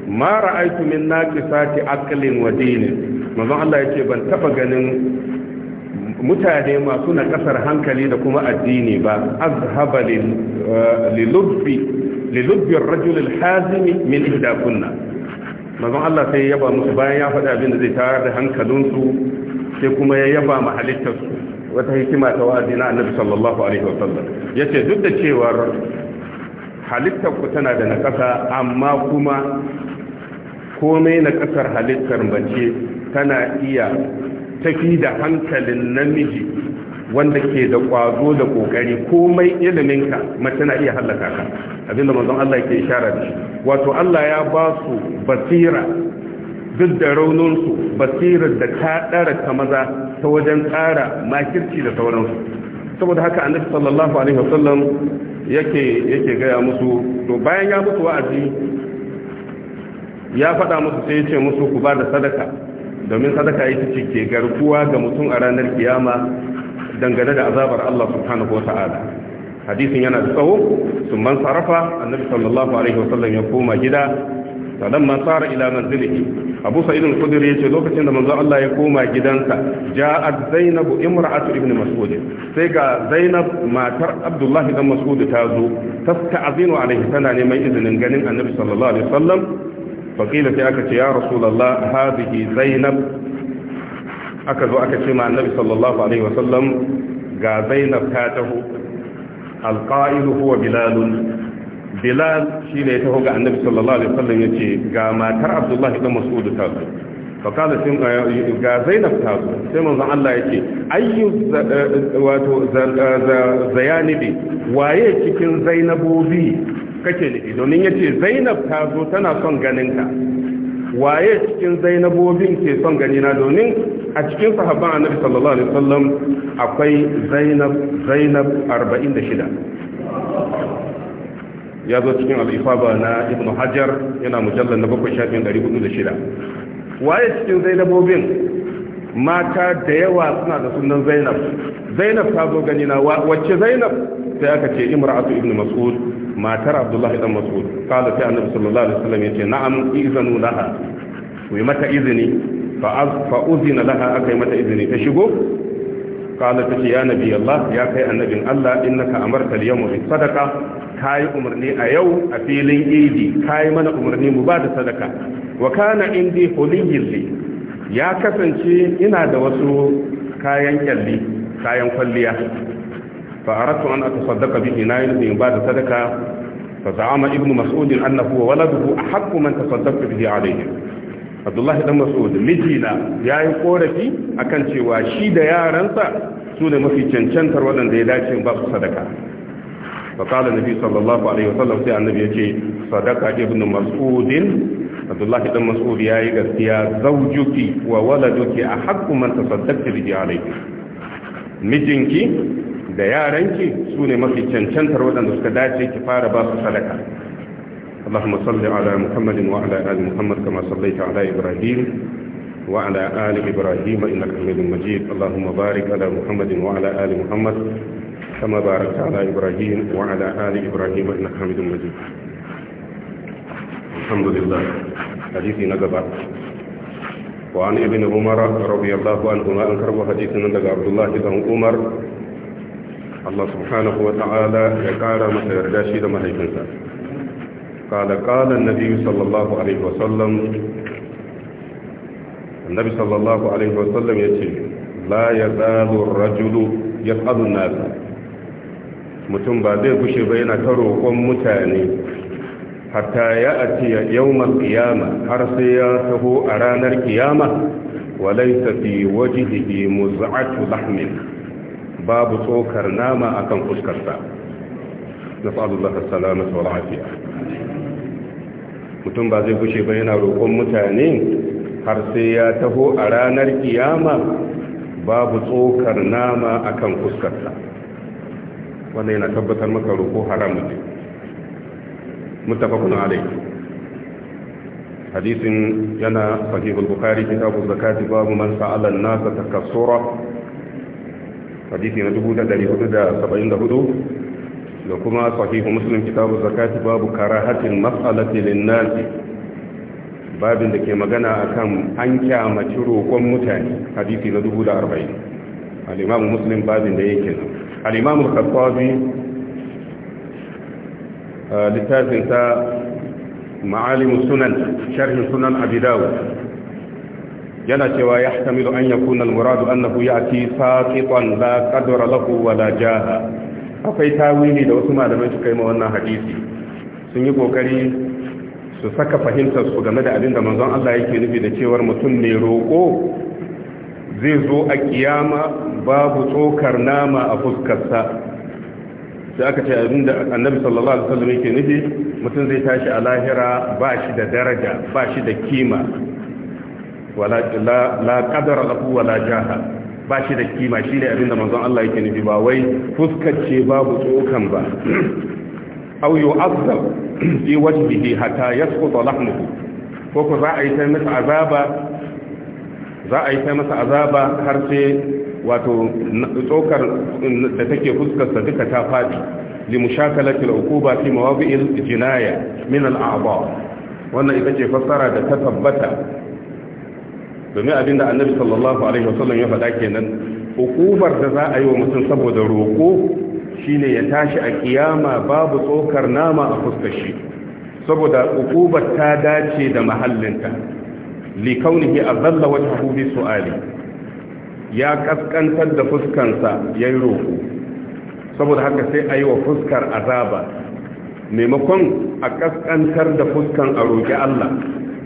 S1: ma ra'aytu min naqisati aqlin wa dinin manzon Allah ya ce ban taba ganin mutane masu na kasar hankali da kuma addini ba azhaba eh, lilubbi lilubbin rajulil hazimi min ihda kunna mazan Allah sai ya yaba musu bayan ya faɗi abin da zai tayar da hankalinsu sai kuma ya yaba ma halittarsu wata hikima ta wa'azi na annabi sallallahu alaihi wasallam yace duk da cewar halittar ku tana da nakasa amma kuma komai na kasar halittar mace tana iya tafi da hankalin namiji wanda ke da kwazo da kokari komai iliminka mace na iya hallaka ka abinda manzon Allah ke ishara da shi wato Allah ya ba su basira duk da rauninsu basirar da ta dara ta maza ta wajen tsara makirci da sauransu saboda haka annabi sallallahu alaihi wasallam yake yake gaya musu to bayan ya musu wa'azi ya faɗa musu sai ya ce musu ku ba da sadaka domin sadaka ita ce ke garkuwa ga mutum a ranar kiyama dangane da azabar Allah subhanahu wata'ala hadisin yana da tsawo sun man sarrafa annabi sallallahu alaihi wasallam ya koma gida man tsara ila manzilihi abu sa'id al ya ce lokacin da manzo Allah ya koma gidansa ja'at zainab imra'atu ibn mas'ud sai ga zainab matar abdullahi dan mas'ud ta zo tasta'zinu alaihi tana neman izinin ganin annabi sallallahu alaihi wasallam faqila sai aka ce ya rasulullah hadhihi zainab aka zo aka ce ma annabi sallallahu alaihi wa sallam ga zainab ta taho alqa'ilu huwa bilal bilal shine ya taho ga annabi sallallahu alaihi wa sallam yace ga matar abdullahi dan mas'ud ta zo fa kala sun eh, ga zainab ta zo sai manzon Allah yace ayyu eh, wato zayanibi waye cikin zainabobi kake ne domin yace zainab ta zo tana son ganin ka waye cikin zainabobin ke son gani na domin a cikin sahabban annabi sallallahu alaihi wasallam akwai zainab zainab 46 ya zo cikin al-ifaba na ibnu hajar yana mujallal na 7 shafin 406 waye cikin zainabobin mata da yawa suna da sunan zainab zainab ta zo gani na wacce zainab sai aka ce imra'atu ibnu mas'ud matar abdullahi dan mas'ud kala sai annabi sallallahu alaihi wasallam yace na'am izanu laha ku mata izini fa az fa uzina laha akai mata izini ta shigo kala ta ce ya nabi Allah ya kai annabin Allah innaka amarta al-yawma bi sadaqa kai umarni a yau a filin idi kai mana umarni mu ba da sadaka wa kana indi huliyyi ya kasance ina da wasu kayan kyalli kayan kwalliya فأردت أن أتصدق به نائل من بعد صدقة فزعم ابن مسعود أنه وولده أحق من تصدقت به عليه عبد الله بن مسعود مجينا يا يقولتي أكن cewa shi da yaransa su ne mafi cancantar waɗanda ya dace ba sadaka فقال النبي صلى الله عليه وسلم sai annabi yace sadaka ibn mas'ud Abdullah ibn Mas'ud yayi gaskiya zawjuki wa waladuki ahqqu man tasaddaqti bi alayhi mijinki da yaranki su ne mafi cancantar waɗanda suka dace ki fara ba su sadaka Allahumma salli ala Muhammad wa ala ali Muhammad kama sallaita ala Ibrahim wa ali Ibrahim innaka Hamidum Majid Allahumma barik ala Muhammad wa ali Muhammad kama barakta ala Ibrahim wa ali Ibrahim innaka Hamidum Majid Alhamdulillah hadisi na gaba وعن ابن عمر رضي الله عنهما انكر حديثنا عبد الله بن عمر Allah subhanahu wa ta'ala ya kara masa yarda shi da mahaifinsa qala qala an-nabi sallallahu alaihi wa sallam annabi sallallahu alaihi wa sallam yace la yazalu ar-rajulu yas'alu an-nas mutum ba zai kushe ba yana ta roƙon mutane hatta ya atiya yawmal qiyama har sai ya taho a ranar kiyama wa laysa fi wajhihi muz'atu lahmin babu tsokar nama akan fuskarsa nasallallahu salama sau rafiya mutum ba zai bushe ba yana roƙon mutane har sai ya taho a ranar kiyama babu tsokar nama akan fuskarsa wanda yana tabbatar maka roƙo haramun ne mutafakun alayhi hadisin yana fahimul bukari bukhari zakati babu man sa'alan nasa takassura hadisi na 1474 da kuma sahihu muslim kitabu zakati babu karahatin mas'alati linnasi babin da ke magana akan an kyamaci roƙon mutane hadisi na 40 al-imamu muslim babin da yake nan al-imamu al-khattabi eh, littafin ta ma'alimus sunan sharhin sunan abi yana cewa ya tamilu an muradu annahu ya'ti saqitan la qadra lahu wa la jaha akwai tawili da wasu malamai suka yi ma hadisi sun yi kokari su saka fahimtar su game da abin da manzon Allah yake nufi da cewar mutum ne roƙo. zai zo a kiyama babu tsokar nama a fuskarsa sai aka ce abin da annabi sallallahu alaihi wasallam yake nufi mutum zai tashi a lahira ba shi da daraja ba shi da kima wala la qadara lahu la jaha ba shi da kima shi ne abinda manzon Allah yake nufi ba wai fuskace babu tsokan ba aw yu'azzab fi wajhihi hatta yasquta lahmuhu ko ko za a yi masa azaba za a yi ta masa azaba har sai wato tsokar da take fuskarsa duka ta fadi li mushakalati al-uquba fi mawadi'il jinaya min al-a'dha wannan ita ce fassara da ta tabbata domin abin da annabi sallallahu alaihi wasallam ya faɗa kenan hukumar da za a yi wa mutum saboda roƙo shine ya tashi a kiyama babu tsokar nama a fuskar shi saboda hukumar ta dace da mahallinta li kaunihi azalla wajhuhu bi su'ali ya kaskantar da fuskansa yayi roƙo saboda haka sai a yi wa fuskar azaba maimakon a kaskantar da fuskan a roƙi Allah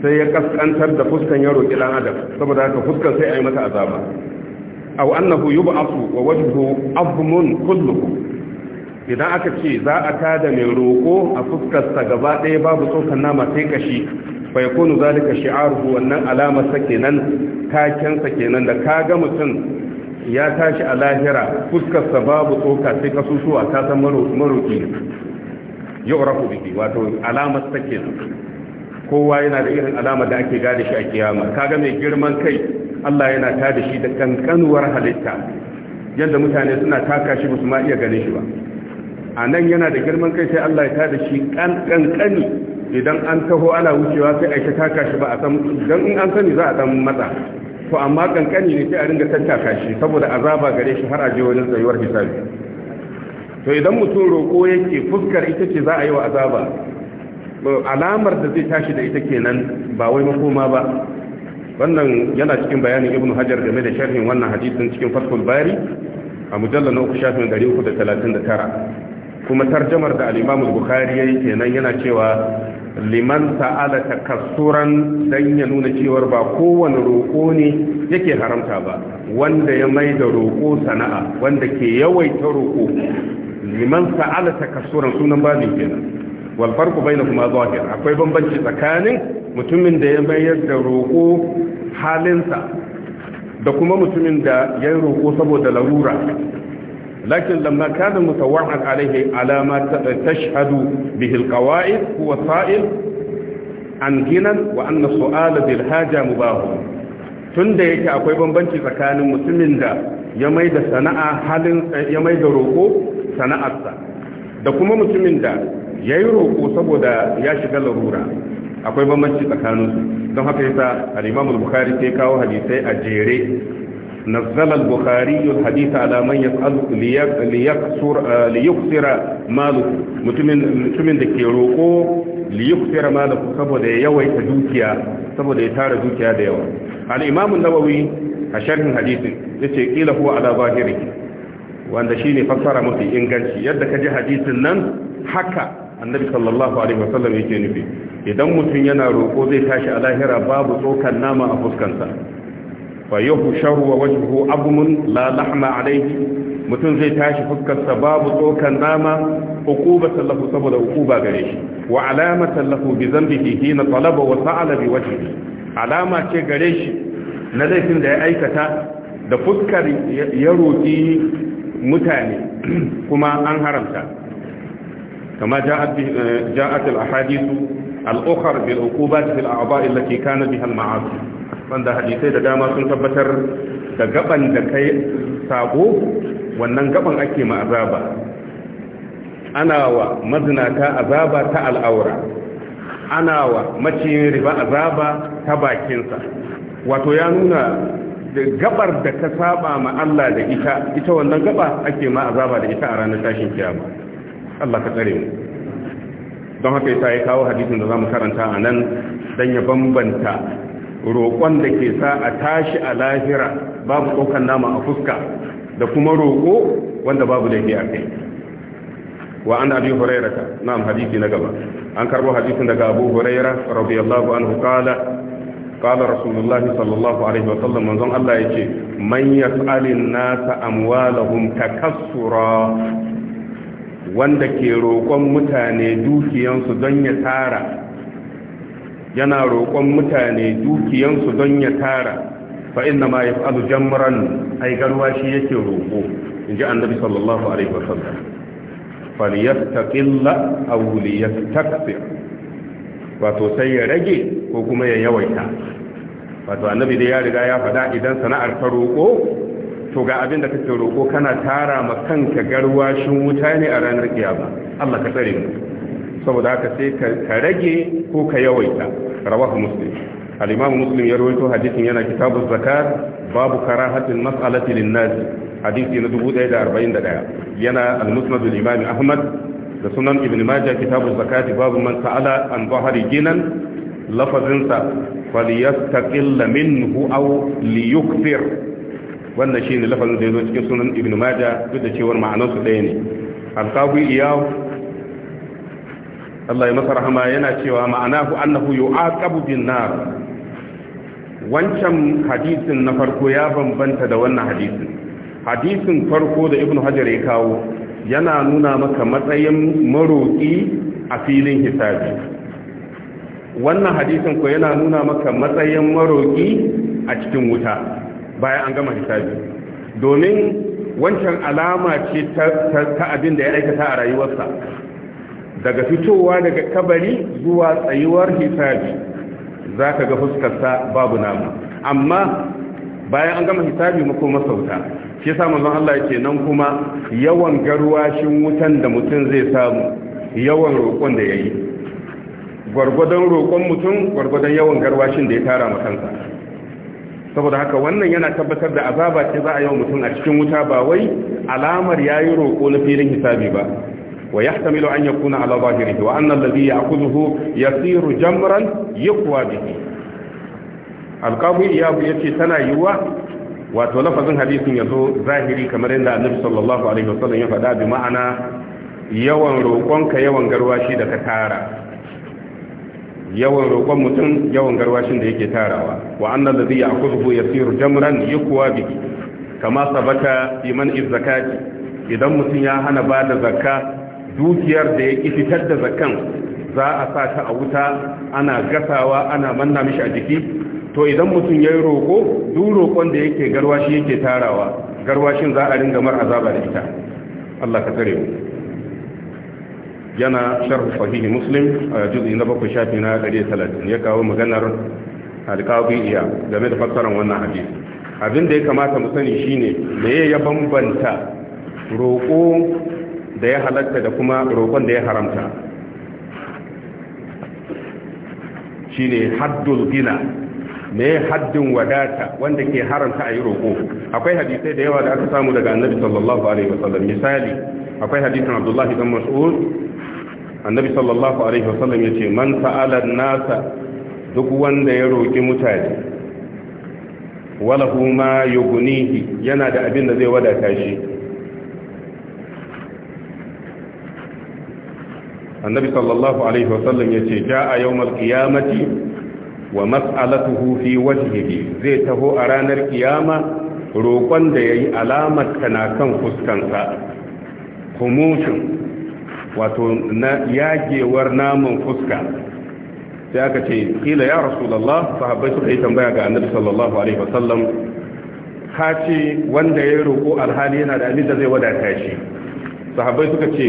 S1: sai ya kaskantar da fuskan yaro roƙi adam saboda haka fuskan sai a yi azaba aw annahu yub'athu wa wajhu azmun kulluhu idan aka ce za a tada mai roƙo a fuskarsa gaba ɗaya babu tsokan nama sai kashi fa yakunu zalika shi'aruhu wannan alama sa kenan taken sa kenan da kaga mutum ya tashi a lahira fuskarsa babu tsoka sai kasusuwa ta san maroƙi ne yu'rafu biki wato alamar sa kenan kowa yana da irin alama da ake gada shi a kiyama kaga mai girman kai Allah yana tada shi da kankanuwar halitta yadda mutane suna taka shi ba su ma ganin shi ba a nan yana da girman kai sai Allah ya tada shi kankani idan an taho ana wucewa sai aisha taka shi ba a san in an sani za a san matsa to amma kankani ne sai a ringa taka shi saboda azaba gare shi har a je wajen tsayuwar hisabi to idan mutum roƙo yake fuskar ita ce za a yi wa azaba alamar da zai tashi da ita kenan ba wai makoma ba wannan yana cikin bayanin ibnu hajar game da sharhin wannan hadisin cikin fathul bari a mujallar na uku shafin 339 kuma tarjamar da al-imam bukhari yayi kenan yana cewa liman ta'ala takassuran dan ya nuna cewa ba kowane roko ne yake haramta ba wanda ya mai da roko sana'a wanda ke yawaita roko liman ta'ala takassuran sunan bani kenan wal farqu bainakuma zahir akwai bambanci tsakanin mutumin da ya mayar da roƙo halinsa da kuma mutumin da ya roƙo saboda larura lakin lamma kana mutawa'an alaihi alama tashhadu bihil, alqawa'id huwa sa'il an ginan wa anna su'ala bil haja mubahu tunda yake akwai bambanci tsakanin mutumin da ya mai da sana'a halin ya mai da roƙo sana'arsa da kuma mutumin da ya yi roƙo saboda ya shiga larura akwai bambanci tsakaninsu don haka yasa al-imam al-bukhari sai kawo hadisai a jere nazzala al-bukhari al-hadith ala man yas'alu liyaksur ah, liyuksira malu mutumin mutumin da ke roko liyuksira malu saboda ya yawaita dukiya saboda ya tara dukiya da yawa al-imam an-nawawi a sharhin hadisin yace kila huwa ala zahiri wanda shine fassara mafi inganci yadda ka kaji hadisin nan haka annabi sallallahu alaihi wasallam yake nufi idan mutum yana roƙo zai tashi a lahira babu tsokan nama a fuskansa fa yahshahu wa wajhuhu abmun la lahma alayhi mutum zai tashi fuskarsa babu tsokan nama uquba sallahu saboda uquba gare shi wa alamatan lahu bi dhanbihi hina talaba wa sa'ala bi wajhihi alama ce gare shi na laifin da ya aikata da fuskar ya roƙi mutane kuma an haramta كما جاءت جاءت الاحاديث الاخر بالعقوبات في الاعضاء التي كان بها المعاصي wanda hadisai da dama sun tabbatar da gaban da kai sabo wannan gaban ake ma azaba ana wa mazinata azaba ta al'aura ana wa maciyin riba azaba ta bakinsa wato ya nuna da gabar da ka saba ma Allah da ita ita wannan gaba ake ma azaba da ita a ranar tashin kiyama Allah ka tsare mu don haka yasa ya kawo hadisin da zamu karanta a nan dan ya bambanta roƙon da ke sa a tashi a lahira babu ɗaukan nama a fuska da kuma roƙo wanda babu da ke a kai wa an abi hurairata na'am hadisi na gaba an karbo hadisin daga abu huraira radiyallahu anhu qala قال رسول الله صلى الله عليه وسلم من ظن الله يجي من يسأل الناس أموالهم تكسرا wanda ke roƙon mutane dukiyansu don ya tara yana roƙon mutane dukiyansu don ya tara fa inna ma yaf'alu jamran ai garwa shi yake roƙo ji annabi sallallahu alaihi wasallam falyattaqilla aw liyastakthir wato sai ya rage ko kuma ya yawaita wato annabi dai ya riga ya faɗa idan sana'ar ka roƙo to ga abin da kake roƙo kana tara ma kanka garwashin wuta ne a ranar kiyama Allah ka tsare mu saboda haka sai ka rage ko ka yawaita rawahu muslim al-imam muslim ya rawaito hadisin yana kitabuz zakat babu karahatin mas'alati lin-nas hadithi na 1041 yana al-musnad al-imam ahmad da sunan ibn majah kitabuz zakat babu man sa'ala an zahari ginan lafazinsa falyastaqilla minhu aw liyukthir wannan shine lafazin da yazo cikin sunan ibnu maja duk da cewar ma'anar ɗaya ne alqabi iyaw Allah ya masa rahama yana cewa ma'anahu annahu yu'aqabu bin nar wancan hadisin na farko ya bambanta da wannan hadisin hadisin farko da ibnu hajar ya kawo yana nuna maka matsayin maroƙi a filin hisabi wannan hadisin ko yana nuna maka matsayin maroƙi a cikin wuta bayan an gama hisabi domin wancan alama ce ta abin da ya aikata a rayuwarsa daga fitowa daga kabari zuwa tsayuwar hisabi za ka ga fuskarsa babu nama amma bayan an gama hisabi mako masauta ke samun zan Allah yake nan kuma yawan garwashin wutan da mutum zai samu yawan roƙon da ya yi gwargwadon roƙon mutum gwargwadon yawan garwashin da ya tara makansa saboda haka wannan yana tabbatar da azaba ce za a yi wa mutum a cikin wuta ba wai alamar yayi roƙo na filin hisabi ba wa yahtamilu an yakuna ala zahirihi wa anna ya ya'khudhuhu yasiru jamran yaqwa bihi alqabi ya ce tana yiwuwa wato lafazin hadisin zo zahiri kamar yadda annabi sallallahu alaihi wasallam ya faɗa bi ma'ana yawan roƙonka yawan garwashi da ka tara yawan roƙon mutum yawan garwashin da yake tarawa wa annal ladhi ya'khudhu yasiru jamran kuwa biki kama sabata iman zakati idan mutum ya hana ba da zakka dukiyar da ya fitar da zakkan za a sa ta a wuta ana gasawa ana manna mishi a jiki to idan mutum ya yi roƙo duk roƙon da yake garwashi yake tarawa garwashin za a ringa mar azaba da ita Allah ka tare mu yana sharhu sahihi muslim a juz'i na bakwai shafi na talatin ya kawo maganar alqabi iya game da fassarar wannan hadisi abin da ya kamata mu sani shine me ya bambanta roƙo da ya halatta da kuma roƙon da ya haramta shine haddul gina me haddin wadata wanda ke haramta a yi roƙo akwai hadisai da yawa da aka samu daga annabi sallallahu alaihi wasallam misali akwai hadisin abdullahi dan mas'ud annabi sallallahu alaihi wasallam ya ce man sa'ala nasa duk wanda ya roƙi mutane walahu ma ya yana da abin da zai wadata shi annabi sallallahu alaihi wasallam ya ce a yau qiyamati wa mas'alatuhu fi wajhihi zai taho a ranar kiyama roƙon da ya yi alamar kana kan fuskansa kumushin wato na yagewar naman fuska sai aka ce kila ya rasulullah sahabbai suka yi tambaya ga annabi sallallahu alaihi wasallam ka ce wanda ya roko alhali yana da abin da zai wadata shi sahabbai suka ce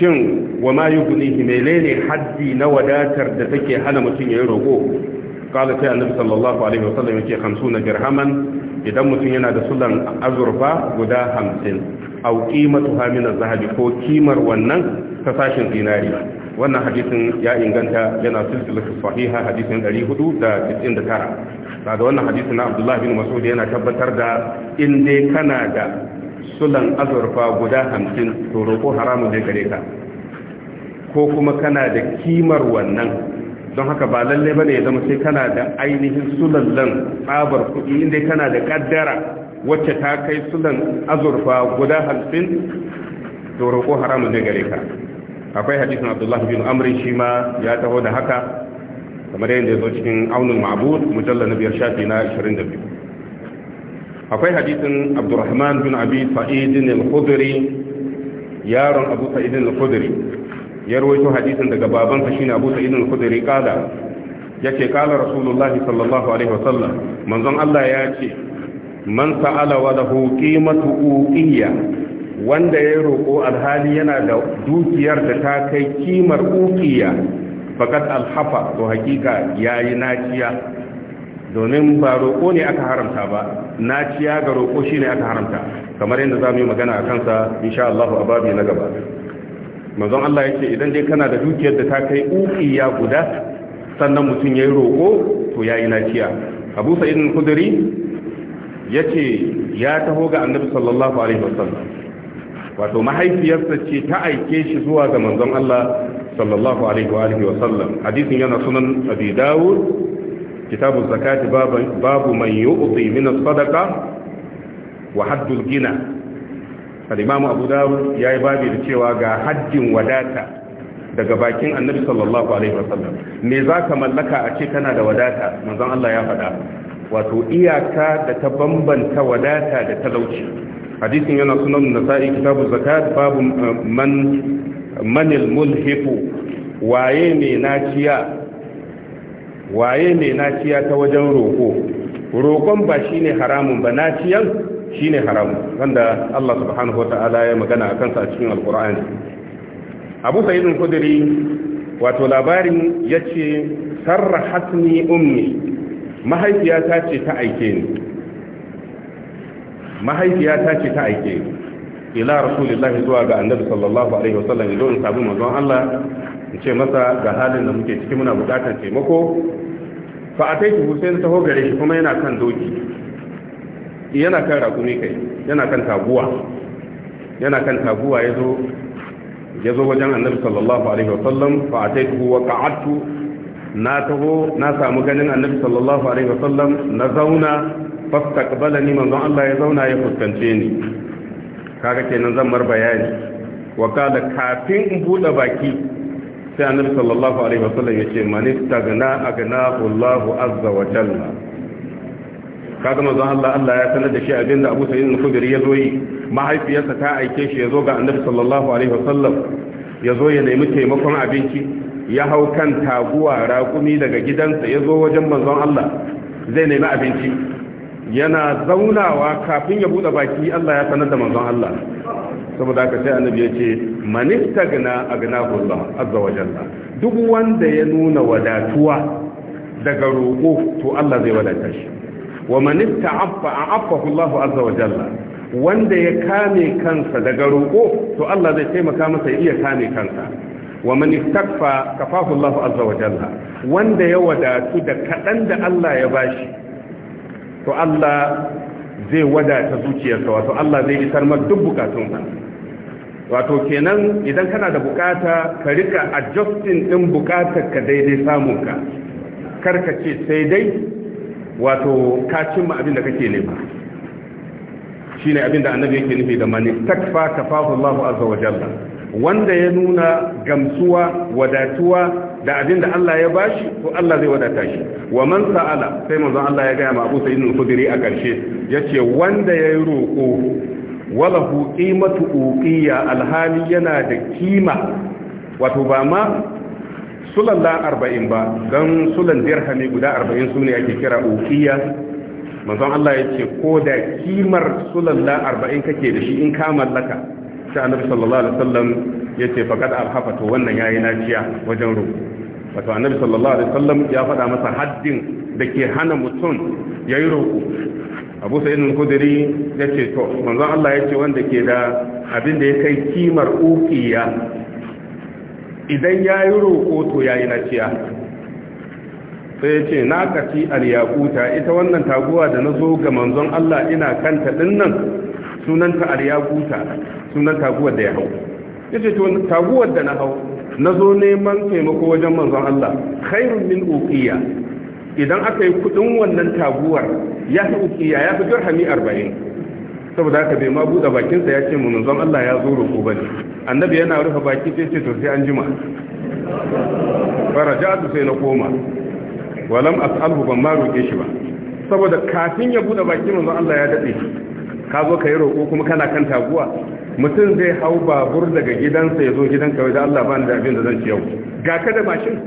S1: shin wa ma yughnihi menene haddi na wadatar da take hana mutum ya yi roƙo qala sai annabi sallallahu alaihi wasallam yake 50 dirhaman idan mutum yana da sulan azurfa guda hamsin au qimatu hamina zahabi ko kimar wannan ta sashin zinari wannan hadisin ya inganta yana silsilatu sahiha hadisin 499 Daga wannan hadisin na Abdullahi bin Mas'ud yana tabbatar da in dai kana da sulan azurfa guda hamsin to roko haramun zai gare ka ko kuma kana da kimar wannan don haka ba lalle ba ne ya zama sai kana da ainihin sulallan tsabar kuɗi inda kana da ƙaddara wacce ta kai sulan azurfa guda hamsin to roƙo haramun ne gare ka akwai hadisin abdullahi bin amri shi ma ya taho da haka kamar yadda ya zo cikin aunin ma'abud mujallar na biyar shafi na 22 akwai hadisin abdurrahman bin abi fa'idin al-khudri yaron abu fa'idin al-khudri ya rawaito hadisin daga babansa shine Abu Sa'id al-Khudri kala yace kala Rasulullahi sallallahu alaihi wasallam manzon Allah ya ce man sa'ala wa lahu qimatu uqiyya wanda ya roko alhali yana da dukiyar da ta kai kimar uqiyya faqad alhafa to hakika yayi naciya domin ba roƙo ne aka haramta ba naciya ga roƙo shine aka haramta kamar yadda zamu yi magana a kansa insha Allah a babi na gaba manzon Allah ce idan dai kana da dukiyar da ta kai ukiya guda sannan mutum yayi roko to yayi lafiya Abu Sa'id al-Khudri ce ya taho ga Annabi sallallahu alaihi wasallam wato mahaifiyarsa ce ta aike shi zuwa ga manzon Allah sallallahu alaihi wa sallam. hadisin yana sunan Abi Dawud kitabu zakati babu man yu'ti min as-sadaqa wa haddul gina al-imamu abu dawud yayi babi da cewa ga hajjin wadata daga bakin annabi sallallahu alaihi wasallam me za ka mallaka a ce kana da wadata manzon Allah ya faɗa wato iyaka da ta bambanta wadata da talauci hadisin yana sunan nasa'i kitabu zakat babu eh, man manil mulhifu waye ne naciya waye ne naciya ta wajen roko roƙon ba shine haramun ba naciyan Shi ne haram wanda Allah subhanahu wata'ala ya magana a kansa a cikin alkur'ani abu al-Khudri wato labarin yace ce sarra ummi mahaifiyata ce ta aike ni mahaifiyata ce ta aike ni ila rasulullahi zuwa ga annabi sallallahu alaihi wasallam idan in sabu manzon Allah in ce masa ga halin da muke ciki muna bukatar taimako fa ataitu husain taho gare shi kuma yana kan doki yana kan rakumi kai yana kan taguwa yana kan taguwa yazo yazo wajen annabi sallallahu alaihi wasallam fa ataituhu wa qa'adtu na taho na samu ganin annabi sallallahu alaihi wasallam na zauna fastaqbalani manzon Allah ya zauna ya fuskance ni kaga kenan zan mar bayani wa kala kafin in bude baki sai annabi sallallahu alaihi wasallam ya ce man istaghna agnahu Allahu azza wa jalla kaga manzon Allah Allah ya sanar da shi abin da Abu Sa'id al-Khudri ya zo yi mahaifiyarsa ta aike shi ya zo ga Annabi sallallahu alaihi wasallam ya zo ya nemi taimakon abinci ya hau kan taguwa raƙumi daga gidansa ya zo wajen manzon Allah zai nemi abinci yana zaunawa kafin ya buɗe baki Allah ya sanar da manzon Allah saboda haka sai annabi ya ce manistagna agnahu Allah azza wa jalla duk wanda ya nuna wadatuwa daga roƙo to Allah zai wadata shi wa man ista'affa a'affahu Allah azza wa jalla wanda ya kame kansa daga roƙo to Allah zai taimaka masa ya iya kame kansa wa man istakfa kafahu Allah azza wa jalla wanda ya wadatu da kaɗan da Allah ya bashi to Allah zai wadata zuciyarsa wato Allah zai isar maka duk bukatunka wato kenan idan kana da bukata ka rika adjusting din bukatar ka daidai samunka karka ce sai dai wato ka cimma abin da kake nema shine abin da annabi yake nufi da mani takfa kafahu Allahu azza wa jalla wanda ya nuna gamsuwa wadatuwa da abin da Allah ya bashi to Allah zai wadata shi wa man sa'ala sai manzon Allah ya ga ma Abu Sa'id al-Khudri a karshe yace wanda ya roko walahu qimatu uqiya alhali yana da kima wato ba ma sulan la arba'in ba don sulan dirhami guda arba'in su ne ake kira ukiya manzon Allah ya ce ko da kimar sulan la arba'in kake da shi in ka mallaka sai annabi sallallahu alaihi wasallam ya ce faqad alhafa to wannan yayi naciya wajen rubu wato annabi sallallahu alaihi wasallam ya faɗa masa haddin da ke hana mutum yayi roƙo abu sa'id al-khudri ya ce to manzon Allah ya ce wanda ke da abin da ya kai kimar ukiya idan ya yi roƙo to ya yi naciya sai ce na ƙasi aliyakuta ita wannan taguwa da na zo ga manzon Allah ina kanta dinnan sunanta aliyakuta sunan taguwar da ya hau ya ce to taguwar da na hau na zo neman taimako wajen manzon Allah khairun min uqiya idan aka yi kudin wannan taguwar ya fi uqiya ya fi jirhami arba'in saboda haka bai ma buɗe bakinsa ya ce zan Allah ya zo ruku ba ne annabi yana rufe baki sai ce to sai an jima faraja'atu sai na koma walam as'alhu ban ma roƙe shi ba saboda kafin ya buɗe baki manzon Allah ya dade ka zo ka yi roƙo kuma kana kan taguwa mutum zai hau babur daga gidansa ya zo gidanka da Allah ba ni da abin da zan ci yau ga ka da mashin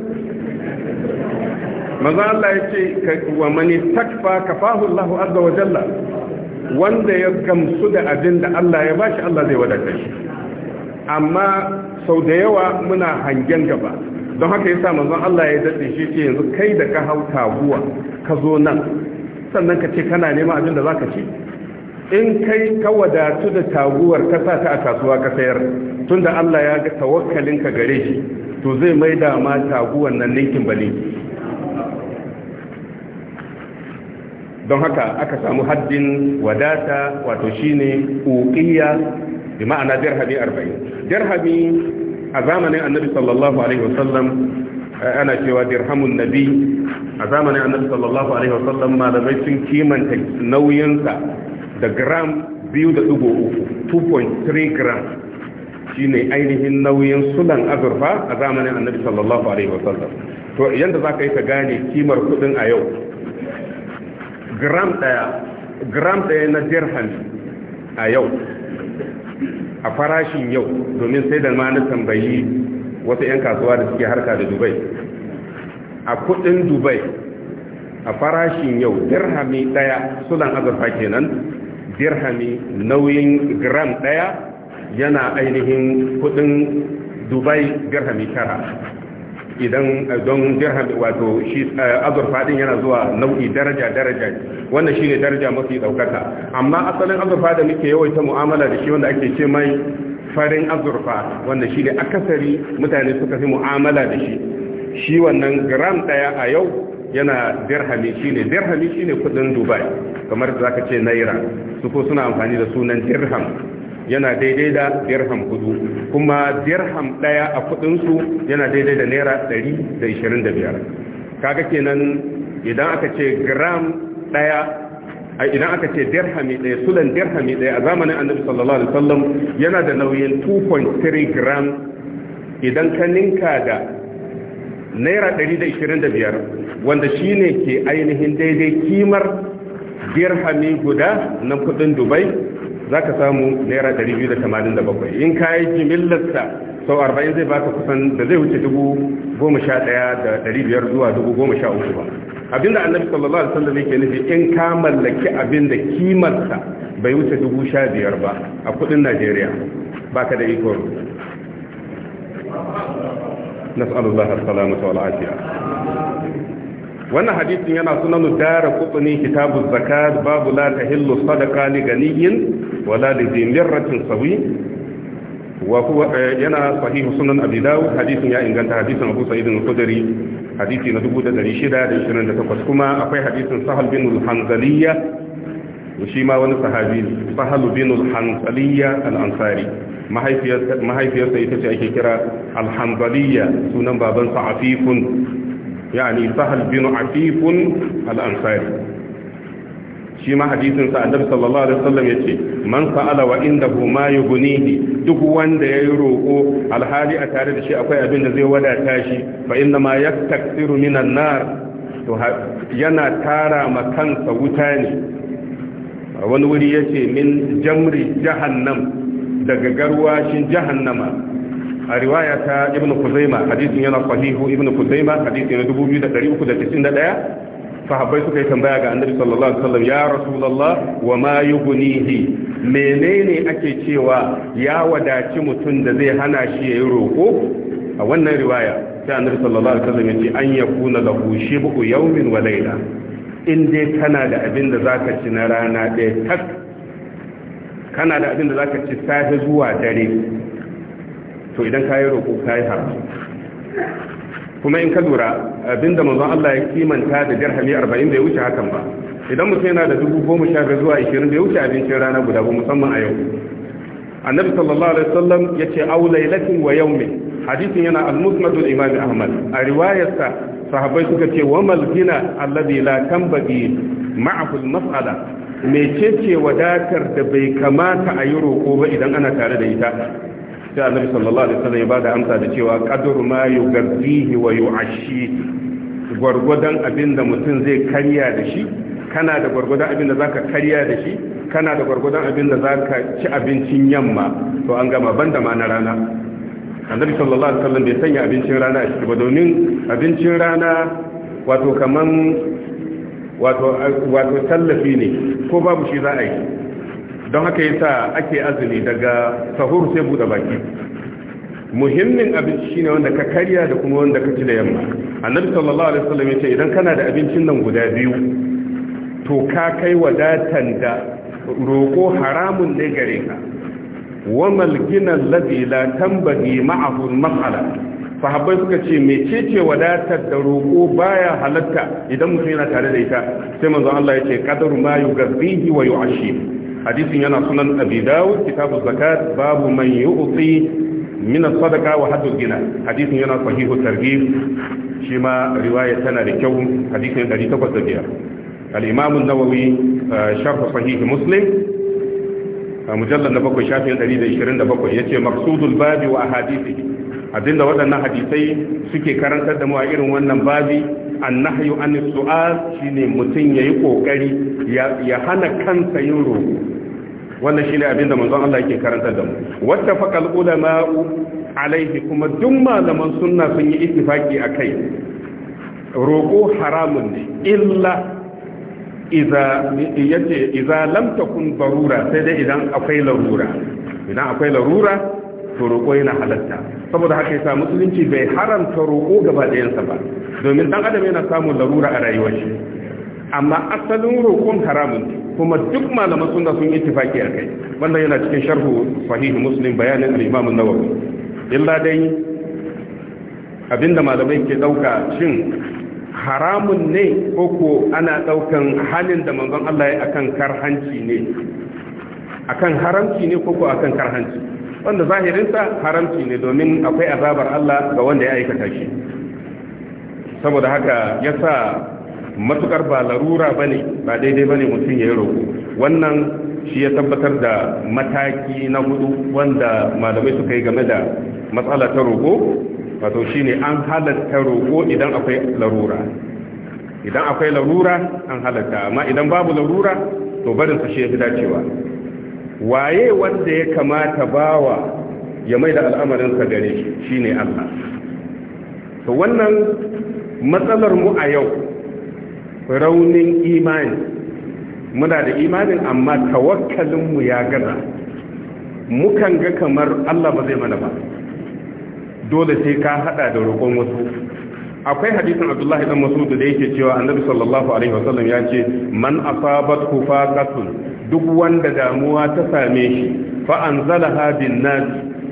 S1: manzo Allah ya ce wa mani takfa kafahu Allahu azza wa jalla wanda ya gamsu da abin da Allah ya bashi Allah zai wadata shi amma sau da yawa muna hangen gaba don haka yasa manzon Allah ya dade shi ce yanzu kai da ka hau taguwa ka zo nan sannan ka ce kana neman abin da zaka ci in kai ka wadatu da taguwar ka sa ta a kasuwa ka sayar tunda Allah ya ga tawakkalinka gare shi to zai maida ma taguwar nan ninkin balinki don haka aka samu haddin wadata wato shine uqiya bi ma'ana dirhami 40 dirhami a zamanin annabi sallallahu alaihi wasallam eh, ana cewa dirhamun nabi a zamanin annabi sallallahu alaihi wasallam malamai sun kimanta nauyinsa da gram 2.3 2.3 gram shine ainihin nauyin sulan azurfa a zamanin annabi sallallahu alaihi wasallam to yanda zaka yi ka gane kimar kudin a yau gram ɗaya gram daya na dirham a yau a farashin yau domin sai da mana tambayi wasu 'yan kasuwa da suke harka da dubai a kudin dubai a farashin yau dirhami daya sulan azurfa kenan dirhami nauyin gram ɗaya yana ainihin kudin dubai dirhami tara idan eh, don dirham wato shi eh, azurfa ɗin yana zuwa nau'i daraja daraja wannan shine daraja mafi daukaka amma asalin azurfa da muke yawaita mu'amala da shi wanda ake ce mai farin azurfa wanda shine akasari mutane suka fi mu'amala da shi shi wannan gram daya a yau yana dirhami shine dirhami shine kudin Dubai kamar zaka ce naira su ko suna amfani da sunan dirham yana daidai da dirham hudu kuma dirham daya a kudinsu yana daidai da naira 125 kaga kenan idan aka ce gram daya idan aka ce dirhami daya sulan dirhami daya a zamanin annabi sallallahu alaihi wasallam yana da nauyin 2.3 gram idan ka ninka da naira 125 wanda shine ke ainihin daidai kimar dirhami guda na kudin dubai za ka samu naira 287 in ka yi jimillarsa sau 40 zai baka kusan da zai wuce 11,500 zuwa uku ba abinda annabi sallallahu alaihi wasallam yake nufi in ka mallaki abin da kimarsa bai wuce 15,000 ba a kudin najeriya baka da iko nas'alullahi as salamu ta afiya wannan hadisin yana sunan dara kutsuni kitabu zakat babu la tahillu sadaqa li ganiyyin wala li dhimirratin sawi wa huwa eh, yana sahihu sunan abi dawud hadisin ya inganta hadisin abu sa'id al hadisi na 1628 kuma akwai hadisin sahal bin al shi ma wani sahabi sahal bin al-hanzaliyya ansari mahaifiyarsa ita ce ake kira al-hanzaliyya sunan babansa afifun yani bin afifun al-ansari shi ma hadisin sallallahu alaihi wasallam yace man sa'ala wa duk wanda yi roƙo alhali a tare da shi akwai abin da zai wadata shi fa inna ma yaktaksiru minan nar to yana tara ma kansa wuta ne wani wuri yace min jamri jahannam daga garwashin jahannama a riwaya ta ibn kuzaima hadisin yana sahihu ibn kuzaima hadisi na 2391
S2: sahabbai suka yi tambaya ga annabi sallallahu alaihi wasallam ya rasulullah wa ma yughnihi menene ake cewa ya
S1: wadaci mutum da zai hana shi yayi roko a wannan riwaya sai annabi sallallahu alaihi wasallam ya ce an yakuna lahu shibu yawmin wa layla in dai kana da abin da zaka ci na rana ɗaya tak kana da abin da zaka ci safe zuwa dare to idan ka yi roƙo ka yi haram kuma in ka lura abinda manzon Allah ya kimanta da dirhami 40 bai wuce hakan ba idan mutum yana da dubu goma sha biyar zuwa ashirin bai wuce abincin rana guda ba musamman a yau annabi sallallahu alaihi wasallam ya ce au lailatin wa yaumi hadisin yana al-musnadul imam ahmad a riwayarsa sahabbai suka ce wa mal gina alladhi la tanbaghi ma'ahu al-mas'ala mecece wadatar da bai kamata a yi roko ba idan ana tare da ita sai annabi sallallahu alaihi wasallam ya bada amsa da cewa qadru ma yughzihi wa yu'ashi gurgudan abin da mutum zai karya da shi kana da gurgudan abin da zaka karya da shi kana da gurgudan abin da zaka ci abincin yamma to an gama banda ma na rana annabi sallallahu alaihi wasallam bai sanya abincin rana a shi ba domin abincin rana wato kaman wato wato tallafi ne ko babu shi za a yi don haka yasa ake azumi daga sahur sai bude baki muhimmin abinci shine wanda ka karya da kuma wanda ka ci da yamma annabi sallallahu alaihi wasallam yace idan kana da abincin nan guda biyu to ka kai wadatan da roko haramun ne gare ka wa Gina, alladhi la tambaghi ma'ahu al-mas'ala habbai suka ce mecece wadatar da roko baya halatta idan mutum yana tare da ita sai manzon Allah yace qadaru ma yugazzihi wa yu'ashi hadisin yana sunan abi dawud kitabu zakat babu man yu'ti min as-sadaqa wa haddu gina hadisin yana sahihu targhib shi ma riwaya tana da kyau hadisin 805 al-imam an-nawawi uh, sharh sahih muslim uh, mujallar da bakwai shafin 127 ya ce maksudul babi wa hadisi abinda waɗannan hadisai suke karantar da mu a irin wannan babi an nahyu an su'al shine mutum yayi kokari ya hana kansa yin roƙo wannan shine abinda manzon Allah yake karanta da mu wattafaqal ulama'u alaihi kuma duk malaman sunna sun yi ittifaki akai roko haramun ne illa iza yace iza lam takun darura sai dai idan akwai larura idan akwai larura to roko yana halatta saboda haka yasa musulunci bai haramta roko gaba ɗayansa ba domin dan adam yana samun larura a rayuwar shi amma asalin roƙon haramun kuma duk malaman suna sun yi tafaki a kai wannan yana cikin sharhu sahihu muslim bayanin al-imam an-nawawi illa dai abinda malamai ke dauka shin haramun ne ko ko ana daukan halin da manzon Allah ya akan karhanci ne akan haramci ne ko ko akan karhanci wanda zahirinsa haramci ne domin akwai azabar Allah ga wanda ya aikata shi saboda haka yasa matukar ba larura ba ne ba daidai ba ne mutum ya yi roƙo wannan shi ya tabbatar da mataki na hudu wanda malamai suka yi game da matsala ta roƙo wato shi ne an halatta roƙo idan akwai larura idan akwai larura an halatta amma idan babu larura to barinsa shi ya fi dacewa waye wanda ya kamata bawa ya mai da al'amarinsa gare shi shine Allah to wannan matsalar mu a yau raunin imani muna da imanin amma tawakkalinmu ya gaza mukan ga kamar Allah ba zai mana ba dole sai ka hada da roƙon wasu akwai hadisin Abdullahi dan Mas'ud da yake cewa Annabi sallallahu alaihi wasallam ya ce man asabat kufaqatun duk wanda damuwa ta same shi fa anzalaha bin nas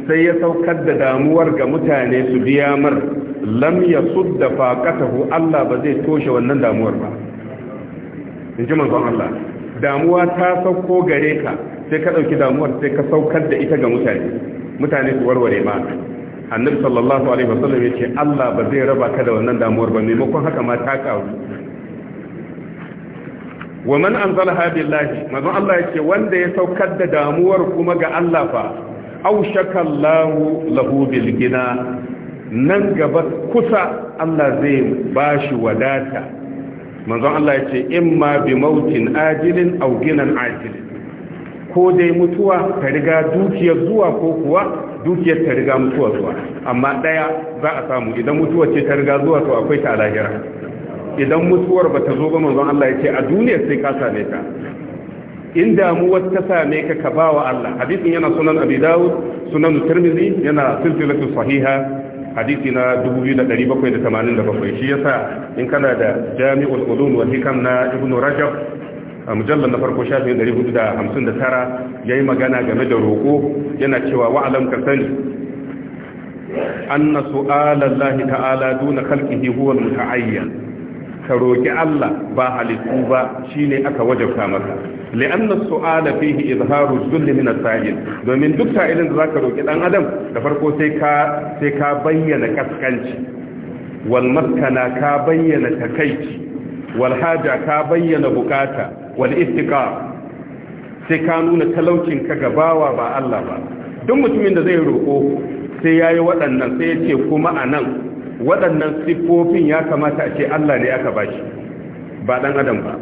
S1: sai ya saukar da damuwar ga mutane su biya mar lam yasudda faqatahu Allah ba zai toshe wannan damuwar ba in ji manzon Allah damuwa ta sauko gare ka sai ka ɗauki damuwar sai ka saukar da ita ga mutane mutane su warware ma annabi sallallahu alaihi wasallam ya ce Allah ba zai raba ka da wannan damuwar ba maimakon haka ma ta kawo wa man anzala hadillahi manzon Allah yake wanda ya saukar da damuwar kuma ga Allah fa aw shakallahu lahu bil gina nan gaba kusa Allah zai bashi wadata manzon Allah ya ce imma bi mautin ajilin au ginan ajilin ko dai mutuwa ta riga dukiyar zuwa ko kuwa dukiyar ta riga mutuwa zuwa amma daya za a samu idan mutuwa ce ta riga zuwa to akwai ta a lahira idan mutuwar ba ta zo ba manzon Allah ya ce a duniyar sai ka same ta in damuwar ta same ka ka bawa Allah hadisin yana sunan Abi Dawud sunan Tirmidhi yana silsilatu sahiha hadisi na 2787 shi yasa in kana da jami'ul ulum wa hikam na ibn rajab a mujallar na farko shafin 459 yayi magana game da roko yana cewa wa alam ka sani anna su'alallahi ta'ala duna khalqihi huwa al-muta'ayyan ka roƙi Allah ba halittu ba ne aka wajabta maka li'anna su'ala fihi izharu dhulli min as-sa'il domin duk sa'ilin da zaka roki dan adam da farko sai ka sai ka bayyana kaskanci wal maskana ka bayyana takaici wal haja ka bayyana bukata wal istiqa sai ka nuna talaucin ka gabawa ba Allah ba duk mutumin da zai roƙo sai yayi waɗannan sai ya ce kuma anan waɗannan siffofin ya kamata a ce Allah ne aka bashi ba ɗan adam ba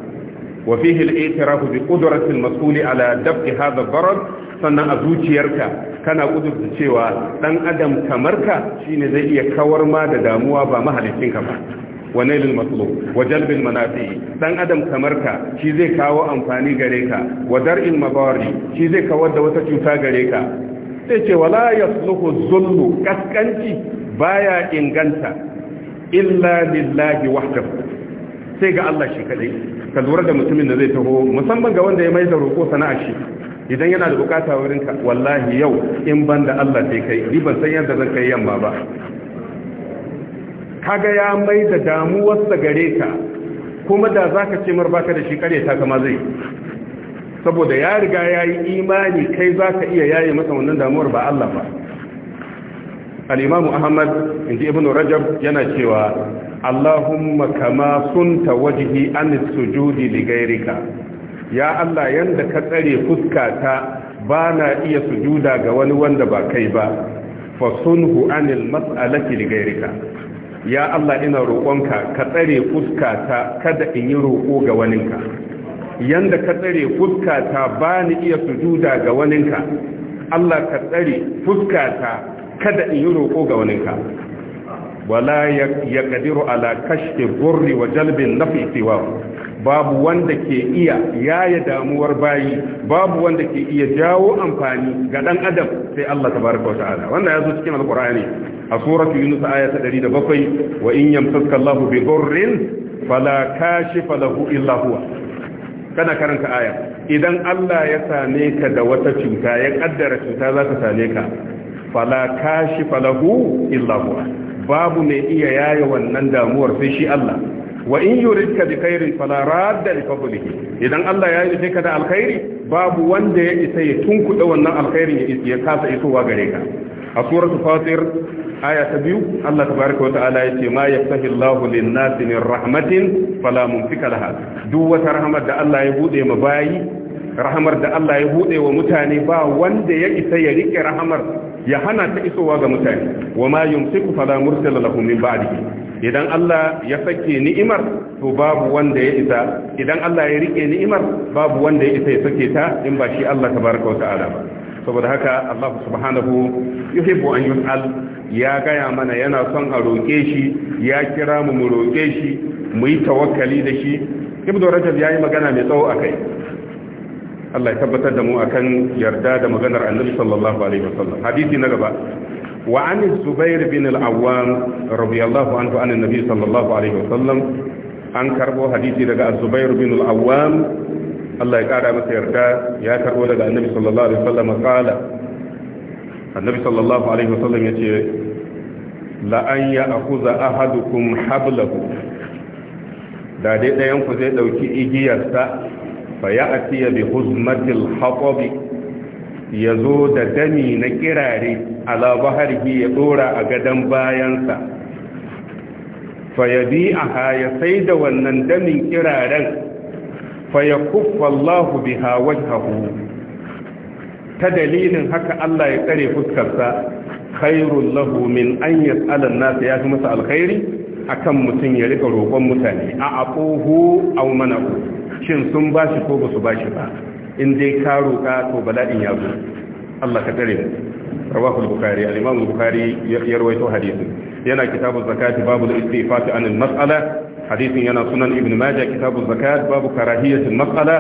S1: wa fihi tara ku bi qudrati al-mas'ul ala daf'i hadha ad sannan a zuciyarka kana kudurta cewa ɗan adam kamar ka ne zai iya kawar ma da damuwa ba mahalicin ka ba wa nailul matlub wa jalbil manafi ɗan adam kamar ka shi zai kawo amfani gare ka wa dar'il mabari shi zai kawar da wata cuta gare ka sai ce wala yasluhu zullu kaskanci baya inganta illa lillahi wahdahu sai ga Allah shi kadai ka lura da mutumin da zai taho musamman ga wanda ya mai da roƙo sana'a shi idan yana da bukata wurin ka wallahi yau in ban da Allah sai kai ni ban san yadda zan kai yamma ba kaga ya mai da damuwar sa gare ka kuma da zaka ce mar baka da shi kare ta kama zai saboda ya riga yayi imani kai zaka iya yaye masa wannan damuwar ba Allah ba al ahmad inji ibnu rajab yana cewa allahumma kama sunta wajhi an sujudi li ghayrika ya allah yanda ka tsare fuskata ba na iya sujuda ga wani wanda ba kai ba fa sunhu anil mas'alati ligairika. ya allah ina roƙonka ka tsare fuskata kada in yi roƙo ga waninka yanda ka tsare fuskata ba ni iya sujuda ga waninka Allah ka tsare fuskata kada in yi roƙo ga waninka wala ya kadiru ala kashke burri wa jalbin nafi babu wanda ke iya yaya damuwar bayi babu wanda ke iya jawo amfani ga dan adam sai Allah tabaraka wa ta'ala wannan yazo cikin alqur'ani a suratu yunus aya 107 wa in yamsaka Allahu bi burrin fala kashifa lahu illa huwa kana karanta aya idan Allah ya same ka da wata cuta ya kaddara cuta za ta same ka fala kashi falahu illa babu mai iya yaya wannan damuwar sai shi Allah wa in yuridka bi khairin fala radda li fadlihi idan Allah ya yi ka da alkhairi babu wanda ya isa ya tunkuɗe wannan alkhairin ya kasa isowa gare ka a suratul fatir aya ta biyu Allah tabaraka wata'ala ya ce ma yaftahi Allahu lin-nasi min rahmatin fala mumsika laha duk wata rahmar da Allah ya bude ma bayi rahmar da Allah ya bude wa mutane ba wanda ya isa ya rike rahmar ya hana ta isowa ga mutane wa ma yumsiku fala mursala lahu min ba'dihi idan Allah ya sake ni'imar to babu wanda ya isa idan Allah ya rike ni'imar babu wanda ya isa ya sake ta in ba shi Allah tabaraka wa ta'ala ba saboda haka Allah subhanahu yuhibbu an yus'al ya gaya mana yana son a roke shi ya kira mu mu roke shi mu yi tawakkali da shi ibnu rajab yayi magana mai tsawo akai Allah ya tabbatar da mu akan yarda da maganar Annabi sallallahu alaihi wasallam hadisi na gaba wa an Zubair bin al-Awwam radiyallahu anhu an Annabi sallallahu alaihi wasallam an karbo hadisi daga Zubair bin al-Awwam Allah ya kara masa yarda ya karbo daga Annabi sallallahu alaihi wasallam qala Annabi sallallahu alaihi wasallam yace la an ya'khudha ahadukum hablahu da dai dayan ku zai dauki igiyarsa faya'ati bi huzmatil ya zo da dami na kirare ala baharihi ya dora a gadon bayansa fayabi'aha ya da wannan damin kiraren fayakuffa "Lahu biha wajhahu ta dalilin haka Allah ya tsare fuskarsa khairul lahu min an yas'ala an ya fi masa alkhairi akan mutum ya rika roƙon mutane A'a, aquhu aw manahu shin sun ba shi ko ba su ba shi ba in dai ka roƙa to bala'in ya zo Allah ka tare mu rawahu al-bukhari al-imam al-bukhari ya rawaito hadisin yana kitabu zakati babu al-istifati an al-mas'ala hadisin yana sunan ibn majah kitabu zakat babu karahiyat al-mas'ala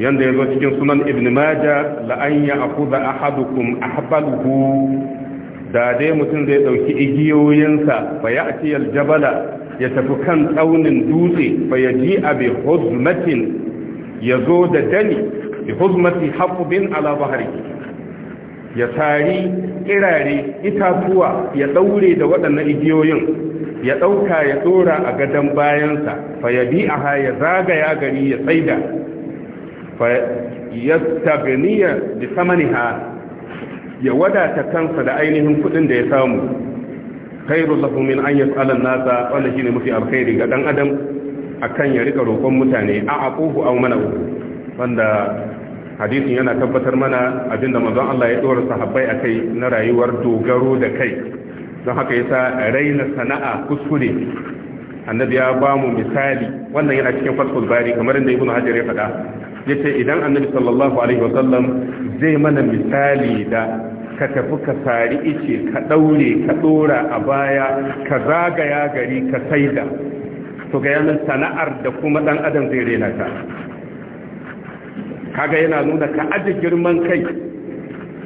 S1: yanda yazo cikin sunan ibn majah la an ya'khudha ahadukum ahbaluhu da dai mutum zai dauki igiyoyinsa fa ya'ti al-jabala ya tafi kan tsaunin dutse fa abi huzmatin ya zo da dani bi huzmati haqbin ala ya tari irare, itatuwa ya daure da waɗannan igiyoyin ya ɗauka ya tsora a gadon bayansa fa ya bi a ya zagaya gari ya tsaida fa ya taganiya da samaniha ya wadata kansa da ainihin kuɗin da ya samu khairu lahu min an yas'ala an-nasa wannan shine mafi alkhairi ga dan adam akan ya rika roƙon mutane a aquhu aw mana'u wanda hadisin yana tabbatar mana abinda manzon Allah ya dora sahabbai akai na rayuwar dogaro da kai don haka yasa raina sana'a kuskure annabi ya ba mu misali wannan yana cikin fathul bari kamar inda ibnu hajar ya faɗa yace idan annabi sallallahu alaihi wasallam zai mana misali da ka tafi ka sari ice ka ɗaure ka ɗora a baya ka zagaya gari ka saida to ga yanar sana'ar da kuma ɗan adam zai rena ta kaga yana nuna ka aji girman kai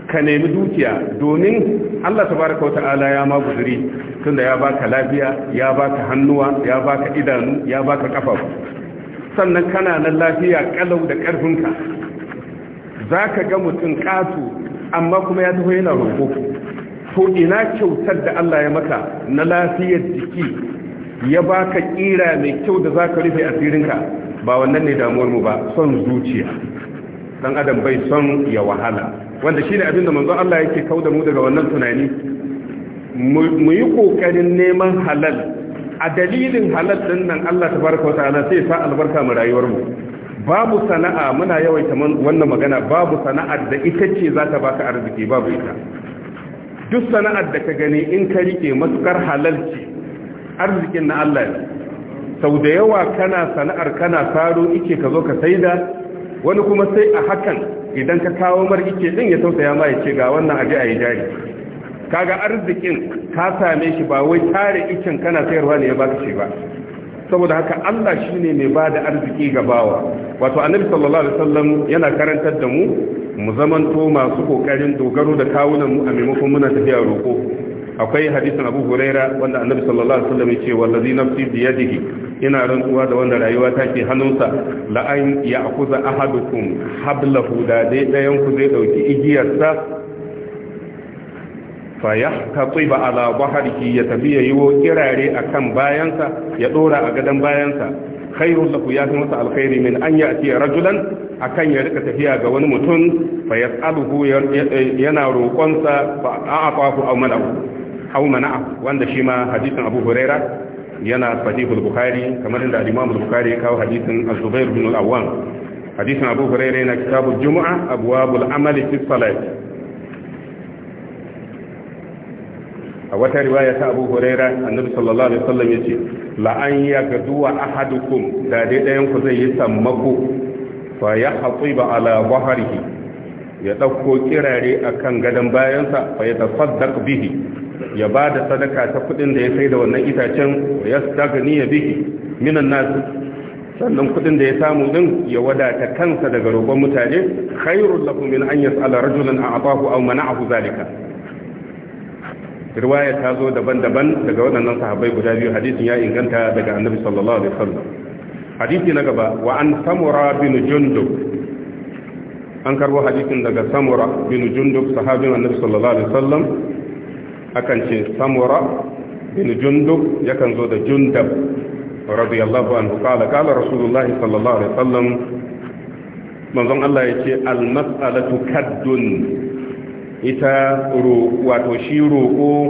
S1: ka nemi dukiya domin Allah tabaraka wa ta'ala ya ma guzuri tunda ya baka lafiya ya baka hannuwa ya baka idanu ya baka kafafu sannan kana nan lafiya kalau da karfinka zaka ga mutum katu amma kuma ya taho yana roƙo ko ina kyautar da Allah ya maka na lafiyar jiki ya baka ƙira mai kyau da zaka rufe asirinka ba wannan ne damuwar mu ba son zuciya dan adam bai son ya wahala wanda shine abin da manzon Allah yake da mu daga wannan tunani mu yi kokarin neman halal a dalilin halal din nan Allah tabaraka wa ta'ala sai sa albarka mu rayuwar mu babu sana'a muna yawaita wannan magana babu sana'ar da ita ce za ta baka arziki babu ita duk sana'ar da ka gani in ka rike matukar halalci arzikin na Allah ne sau da yawa kana sana'ar kana faro ike ka zo ka saida wani kuma sai a hakan idan ka kawo mar ike din ya tausaya ma ya ce ga wannan aje a yi jari kaga arzikin ka same shi ba wai tare icen kana sayarwa ne ya baka shi ba saboda haka Allah shi ne mai ba da arziki ga bawa wato annabi sallallahu alaihi wasallam yana karantar da mu mu zamanto masu kokarin dogaro da kawunan mu a maimakon muna tafiya roko akwai hadisin Abu Huraira wanda annabi sallallahu alaihi wasallam yace wallazi nafsi bi yadihi ina rantsuwa da wanda rayuwa take hannunsa la an ya'khudha ahadukum hablahu da dai dayan ku zai dauki igiyarsa fa yahtatiba ala bahrihi ya tafi ya yiwo kirare akan bayansa ya ɗora a gadan bayansa khairul lahu ya masa alkhairi min an ya'ti rajulan akan ya rika tafiya ga wani mutum fa yas'aluhu yana roƙonsa fa a'afahu aw aw wanda shi ma hadisin Abu Huraira yana sahihul bukhari kamar inda al-imam al-bukhari ya kawo hadisin az-zubair bin al-awwam hadisin abu hurairah na kitabul jumu'a abwabul amali fi salat a wata riwaya ta abu huraira annabi sallallahu alaihi wasallam yace la an yagduwa ahadukum da dai dayan ku zai yi sammako fa ya hatiba ala bahrihi ya dauko kirare akan gadan bayansa fa ya tasaddaq bihi ya ba da sadaka ta kudin da ya sai da wannan itacen ya stagni ya bihi minan nas sannan kudin da ya samu din ya wadata kansa daga roƙon mutane khairul lahu min an yas'ala rajulan a'tahu aw mana'ahu zalika riwaya ta zo daban-daban daga waɗannan sahabbai guda biyu hadisin ya inganta daga annabi sallallahu alaihi wasallam hadisi na gaba wa an samura bin jundub an karbo hadisin daga samura bin jundub sahabin annabi sallallahu alaihi wasallam akan ce samura bin jundub yakan zo da jundab radiyallahu anhu qala qala rasulullahi sallallahu alaihi wasallam manzon Allah yace al mas'alatu kaddun ita wato shi roƙo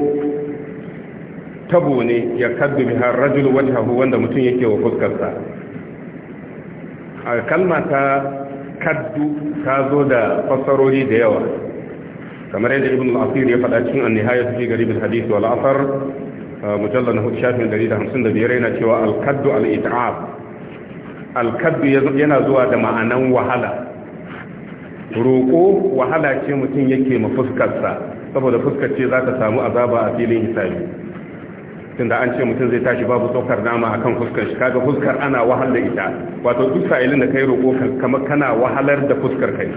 S1: tabo ne ya kaddu bihar rajul wajhahu wanda mutum yake wa fuskarsa a kalma ta kaddu ta zo da fassarori da yawa kamar yadda ibn al-asir ya fada cikin an-nihaya fi garib al-hadith wal asar mujallal na shafin 155 yana cewa al-kaddu al-it'ab al-kaddu yana zuwa da ma'anan wahala roƙo wahala ce mutum yake ma fuskarsa saboda fuskar ce za ta samu azaba a filin hisabi
S2: tunda an ce mutum zai tashi babu tsokar nama akan fuskar shi kaga fuskar ana wahal ita wato duk sa'ilin da kai roƙo kamar
S1: kana wahalar da fuskar kai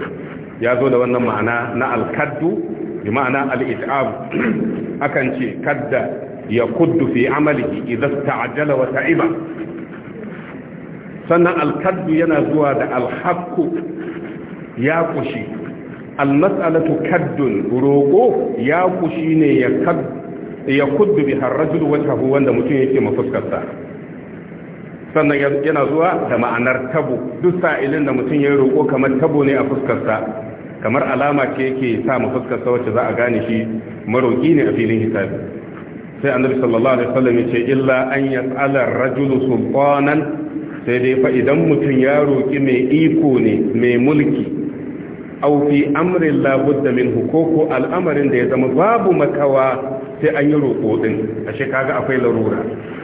S1: ya zo da wannan ma'ana na alkaddu bi ma'ana al-it'ab akan ce kadda ya kuddu fi amalihi idza ta'ajjala wa ta'iba sannan alkaddu yana zuwa da alhaqqu ya kushi almas'alatu kaddun roƙo ya kushi ne ya ya kuddu bi harrajul wajhu wanda mutum yake mafuskarsa sannan yana zuwa da ma'anar tabu, duk sa'ilin da mutum ya roƙo kamar tabo ne a fuskarsa kamar alama ce yake sa fuskarsa wacce za a gane shi maroƙi ne a filin hisabi sai annabi sallallahu alaihi wasallam ya ce illa an yas'ala ar-rajulu sultanan sai dai fa idan mutum ya roƙi mai iko ne mai mulki aw fi amrin la budda min hukuku al'amarin da ya zama babu makawa sai an yi roƙo din ashe kaga akwai larura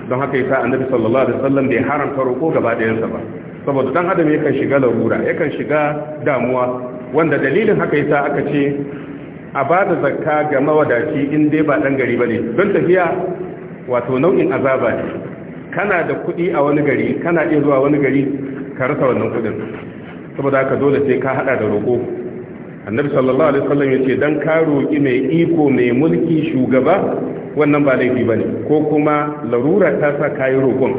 S1: don haka yasa annabi sallallahu alaihi wasallam bai haramta roƙo gaba da yansa ba saboda dan adam yakan shiga larura yakan shiga damuwa wanda dalilin haka yasa aka ce a ba da zakka ga mawadaci in dai ba dan gari bane don tafiya wato nau'in azaba ne kana da kuɗi a wani gari kana iya zuwa wani gari ka rasa wannan kuɗin saboda haka dole sai ka hada da roƙo annabi sallallahu alaihi wasallam yace dan ka roki mai iko mai mulki shugaba wannan ba laifi bane ko kuma larura ta sa kai roƙon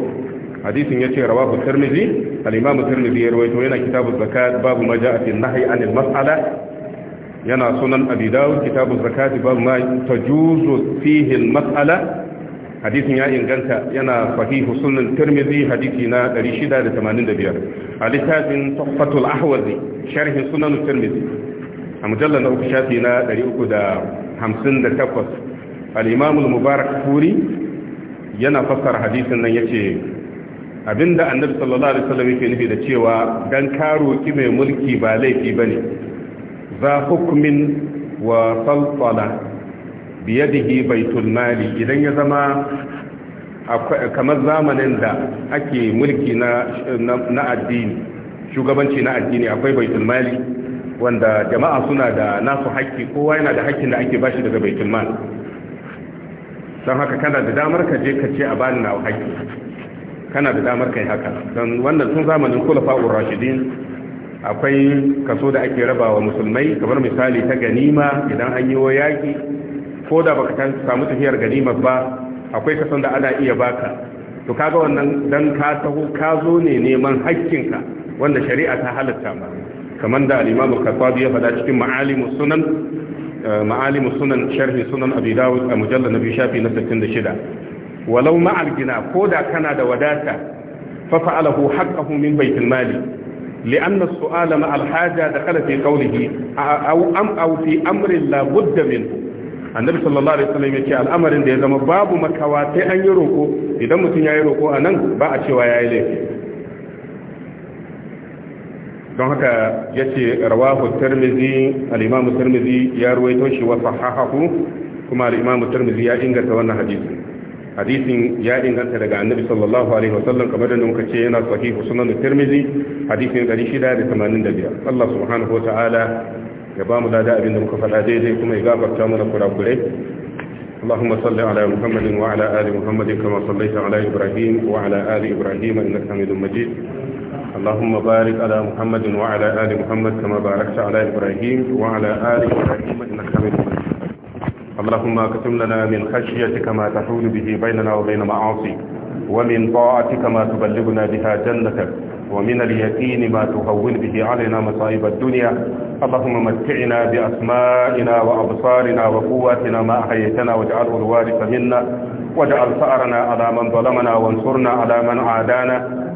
S1: hadisin yace rawahu tirmidhi al-imam tirmidhi ya rawaito yana kitabu zakat babu ma ja'a fi nahyi anil mas'ala yana sunan abi dawud kitabu zakat babu ma tajuzu fihi al-mas'ala hadisin ya inganta yana sahihu sunan tirmidhi hadisi na 685 a littafin tuhfatul ahwazi sharhi sunan tirmidhi a mujallar na uku shafi na 358 al'imamul mubarak furi yana fassar hadisin nan ya ce abinda annabi sallallahu alaihi wasallam yake nufi da cewa dan karo ki mai mulki ba laifi bane za hukmin wa saltala yadihi baitul mali idan ya zama kamar zamanin da ake mulki na na addini shugabanci na addini akwai baitul mali wanda jama'a suna da nasu haƙƙi kowa yana da haƙƙin da ake bashi daga baitul mal don haka kana da damar ka je ka ce a bani na haƙƙi kana da damar kai haka don wannan tun zamanin kulafa rashidin akwai kaso da ake rabawa musulmai kamar misali ta ganima idan an yi wa yaƙi ko da baka samu tafiyar ganima ba akwai kason da ana iya baka to kaga wannan dan ka taho ka zo ne neman haƙƙinka wanda shari'a ta halatta ba kamar da al-imamu ya faɗa cikin ma'alimu sunan eh, ma'alimu sunan sharhi sunan abi dawud a mujallal nabi shafi na 66 walau ma'al gina ko da kana da wadata fa fa'alahu haqqahu min baitul mali لأن السؤال مع الحاجة دخل في قوله أو أم أو في أمر لا بد منه annabi sallallahu alaihi wasallam yace al'amarin da ya zama babu makawa sai an yi roko idan mutum ya yi roko anan ba a cewa yi laifi don haka ce rawahu tirmidhi al-imam ya ruwaito shi wa sahahahu kuma al-imam ya inganta wannan hadisi hadisin ya inganta daga annabi sallallahu alaihi wasallam kamar da muka ce yana sahihu sunan tirmidhi hadisin 685 Allah subhanahu wa ta'ala ya ba mu dada abin da muka faɗa daidai kuma ya gafarta mana kurakurai اللهم صل على محمد وعلى آل محمد كما صليت على إبراهيم وعلى آل إبراهيم إنك حميد مجيد اللهم بارك على محمد وعلى آل محمد كما باركت على إبراهيم وعلى آل إبراهيم إنك حميد مجيد اللهم اكتم لنا من خشيتك ما تحول به بيننا وبين معاصيك ومن طاعتك ما تبلغنا بها جنتك ومن اليقين ما تهون به علينا مصائب الدنيا اللهم متعنا بأسمائنا وأبصارنا وقواتنا ما أحييتنا واجعله الوارث منا واجعل ثأرنا على من ظلمنا وانصرنا على من عادانا